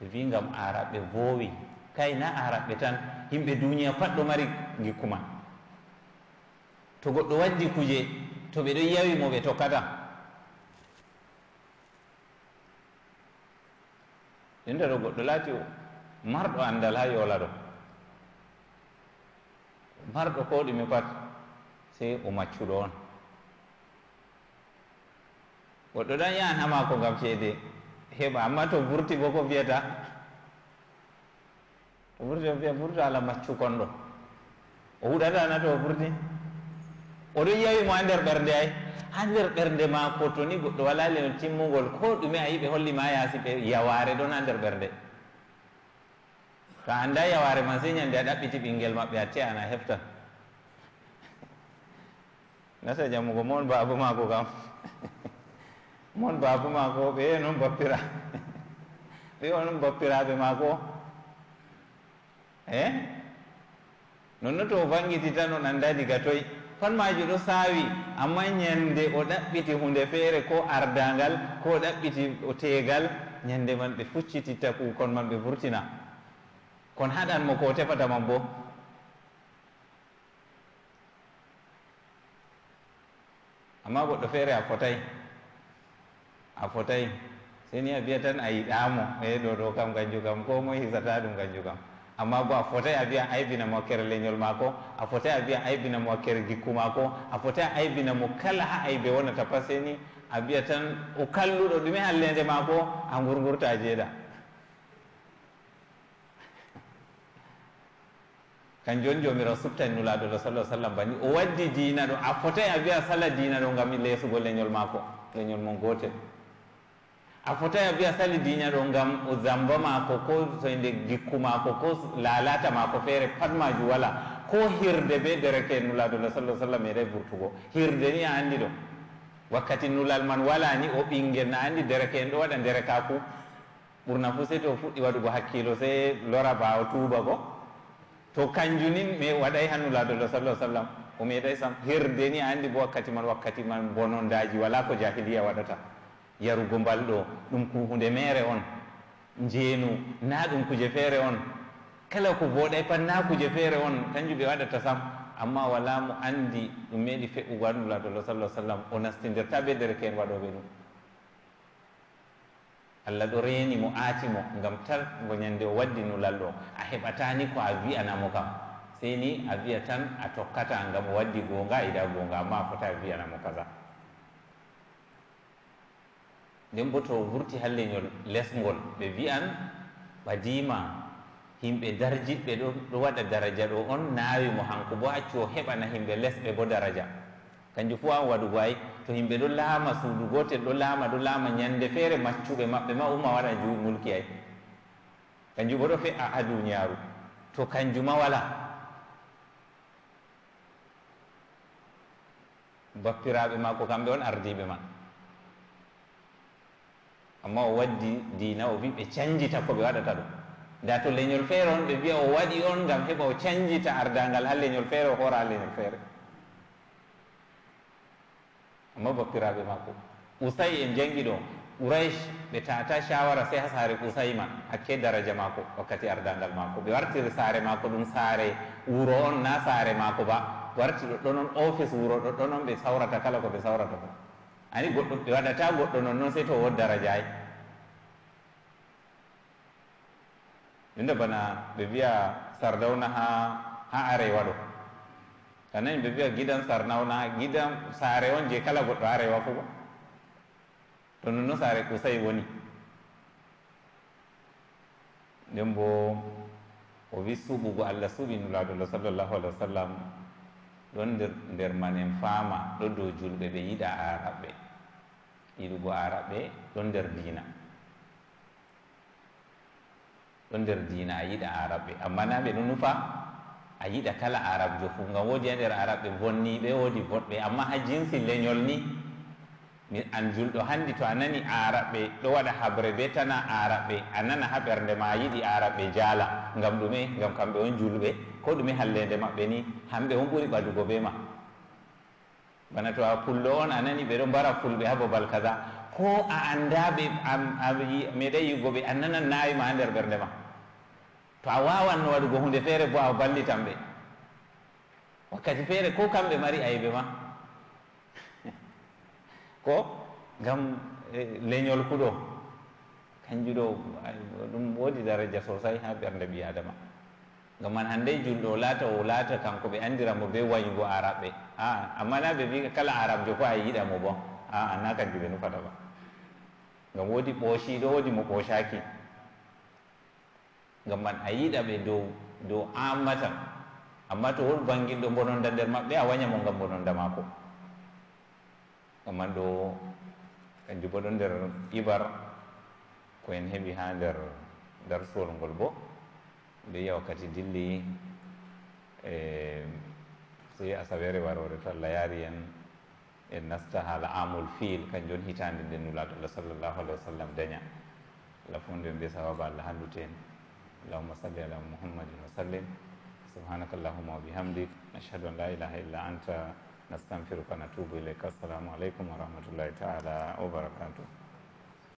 ɓe wi gam araɓɓe vowi kaina araɓɓe tan yimɓe duniya pat ɗo mari gikkuma to goɗɗo waddi kuje to ɓe ɗo yawi mo ɓe tokkata e ndero goɗɗo laati marɗo anndal haa yoola ɗo marɗo ko ɗumi pat sey o maccuɗo on goɗɗo ɗan yahan ha maako ngam ceede heɓa amma to vurti bo ko mbiyata to vurti o mbiya vurta ala maccu kon ɗo o huɗatana to vurti oɗo yawi mo e nder ɓernde ay ha nder ɓernde maako to ni goɗɗo wala leno timmugol ko ɗume a yiɓe hollima yaasi ɓe yaware ɗon ha nder ɓernde to annda yaware ma sei ñande a ɗaɓɓiti ɓinguel maɓɓe a te ana heftan nasa jamugo moon baabo maako kam [LAUGHS] moon baabo maako ɓe e noon bappira [LAUGHS] ɓe onon bappiraɓe maako e eh? nonno to o vangiti tan on annda diga toye fanmaji ɗo saawi amma ñande o ɗaɓɓiti hunde feere ko ardangal ko ɗaɓɓiti o teegal ñande man ɓe fuccititta kuukon man ɓe vurtina kon haɗanmo ko tefata man bo amma goɗɗo feere a fotay a fotay sei ni a biya tan a yiɗamo ɓeɗo eh, ɗo kam gañju kam ko moe hisata ɗum gañju kam amma bo a fotay a wiya aybina mo kere leñol maako a fotay a wiya aybina mo kere gikku maako a fotay a aybina mo kala ha aybe wonata par ni a wiya tan o kalluɗo ɗume hallende maako a gurgurta jeeɗa kan joni jomirawo subtani nulaɗo ɗo sallah sallam bani o waddi dina ɗo a fotay a wiya sala dina ɗo gam lesugo leñol maako leñol mon gotel a fotaya wiya sali diña ɗo gam o zamba mako ko soyde gikku mako ko lalata mako feere pat maju wala ko hirde ɓe ɗereke nuladuna salah sallam eɗa vurtugo hirde ni a andi ɗo wakkati nulal man wala ni o ɓingel na andi dereke en ɗo waɗa ndere kaku ɓurna fo sey to fuɗɗi waɗugo hakkilo sey lora bawa tuuba go to kanjunin mi waɗay ha nuladuna salah sallam o meɗay sam hirde ni a andi bo wakkati man wakkati man bonondaji wala ko jahiliya waɗata yarugo mbalɗo ɗum ko hunde mere on njeenu na ɗum kuje feere on kala ko voɗay pat na kuje feere on kanjum ɓe waɗata sam amma wala mo andi ɗum meeɗi feɓugo annulaaɗolo sala sallam o nastidirta ɓe derkeen waɗoɓe ɗum allah ɗo reeni mo aati mo ngam tar go ñande o waddi nulal ɗo a heɓatani ko a wi'anamo kam sey ni a wiya tan a tokkata ngam o waddi goonga ida gonga goonga amma a fota a wiyanamo kaza nden bo to wurti halleñol lesgol ɓe wiyan ɓadima himɓe darjiɓɓe ɗo ɗo waɗa daraja ɗo on naawi mo hanko bo acci o heɓana himɓe lesɓe bo daraja kanjum fo an waɗugo ay to himɓe ɗo laama suudu gootel ɗo laama ɗo laama ñannde feere maccuɓe maɓɓe ma uma waɗa jumulki ay kanjum bo ɗo fe a aduñaaru to kanjuma wala bappiraaɓe ma ko kamɓe on ardiiɓe ma amma o waddi dina o wiɓe cañjita ko ɓe waɗata ɗum nda to leñol feere on ɓe mbiya o waɗi on ngam heɓa o cañjita ardangal ha leñol feere o hoora ha leñol feere amma bappiraɓe makko usayi en jangi ɗo ouraych ɓe tata shawara sey ha saare ko usayi ma hakke daraja mako wakkati ardangal mako ɓe wartiri saare mako ɗum saare wuuro on na saare mako ba warti ɗoɗɗo noon office wuuro ɗoɗɗo noon ɓe sawrata kala ko ɓe sawrata ba ani goɗɗo waɗata goɗɗo noon noon sey to wo daradiay ɗunde bana ɓe wiya sardawna ha ha arey waɗo tanani ɓe wiya gidan sarnawna gidan saare on je kala goɗɗo arewa fofa to non noon saare kusay woni nden bo o wi suɓugo allah suɓi nulaɗolo sallllahu alah wa sallam ɗon nder nder manen faama ɗo dow julɓe ɓe yiɗa araɓɓe yiɗugo araɓe ɗon nder diina ɗon nder diina a yiɗa araɓe amma na ɓe ɗo nufa a yiɗa kala arabjo fuu ngam woodi ha nder araɓe bonniɓe woodi boɗɓe amma ha jinsi leñol ni mi an julɗo hanndi to a nani araɓe ɗo waɗa haɓre be tana araɓe a nana ha ɓernde ma a yiɗi araɓe jaala ngam ɗume ngam kamɓe on julɓe ko ɗume hallende maɓɓe ni hamɓe on ɓuri ɓadugo be ma bana to a pullo on a nani ɓe ɗo mbara fulɓe ha babal kaza ko a annda ɓe meɗa yigo ɓe a nanan nawima ha nder ɓerndema to a wawan no waɗugo hunde feere bo a ballitan ɓe wakkati feere ko kamɓe mari ayibe ma [LAUGHS] ko ngam e, leñol kuɗo kanjuɗo ɗum woodi daraja sosay ha ɓernde ɓi adama gam man hande junɗo o laata o laata kanko ɓe andiramo be wañugo araɓɓe a amma na ɓe mbia kala arabe jo fo a yiɗamo bon a na kanju ɓe nufata ba gam woodi ɓooshiɗo woodi mo ɓooshaki gam man a yiɗa ɓe dow dow ammata amma to wol banguilɗo bononda nder maɓɓe a wañamo gam bononda maako gam man ɗo kanju bo ɗo nder ibar ko en heeɓi ha nder darsuwol ngol boo nde yeewa kadi dilli e so asawere warore to allah yaari en en nasta haala amol fiil kañum woni hitande nde nulaɗo allah sallllahu alahi wa sallam daña allah fof nde mbiya sawaba allah handute en allahuma salli ala muhammadin wa sallim subhanaka allahuma wa bihamdik nashhadu an la ilaha illa anta nastanfiruka natubu ileyka assalamu aleykum warahmatullahi taala wa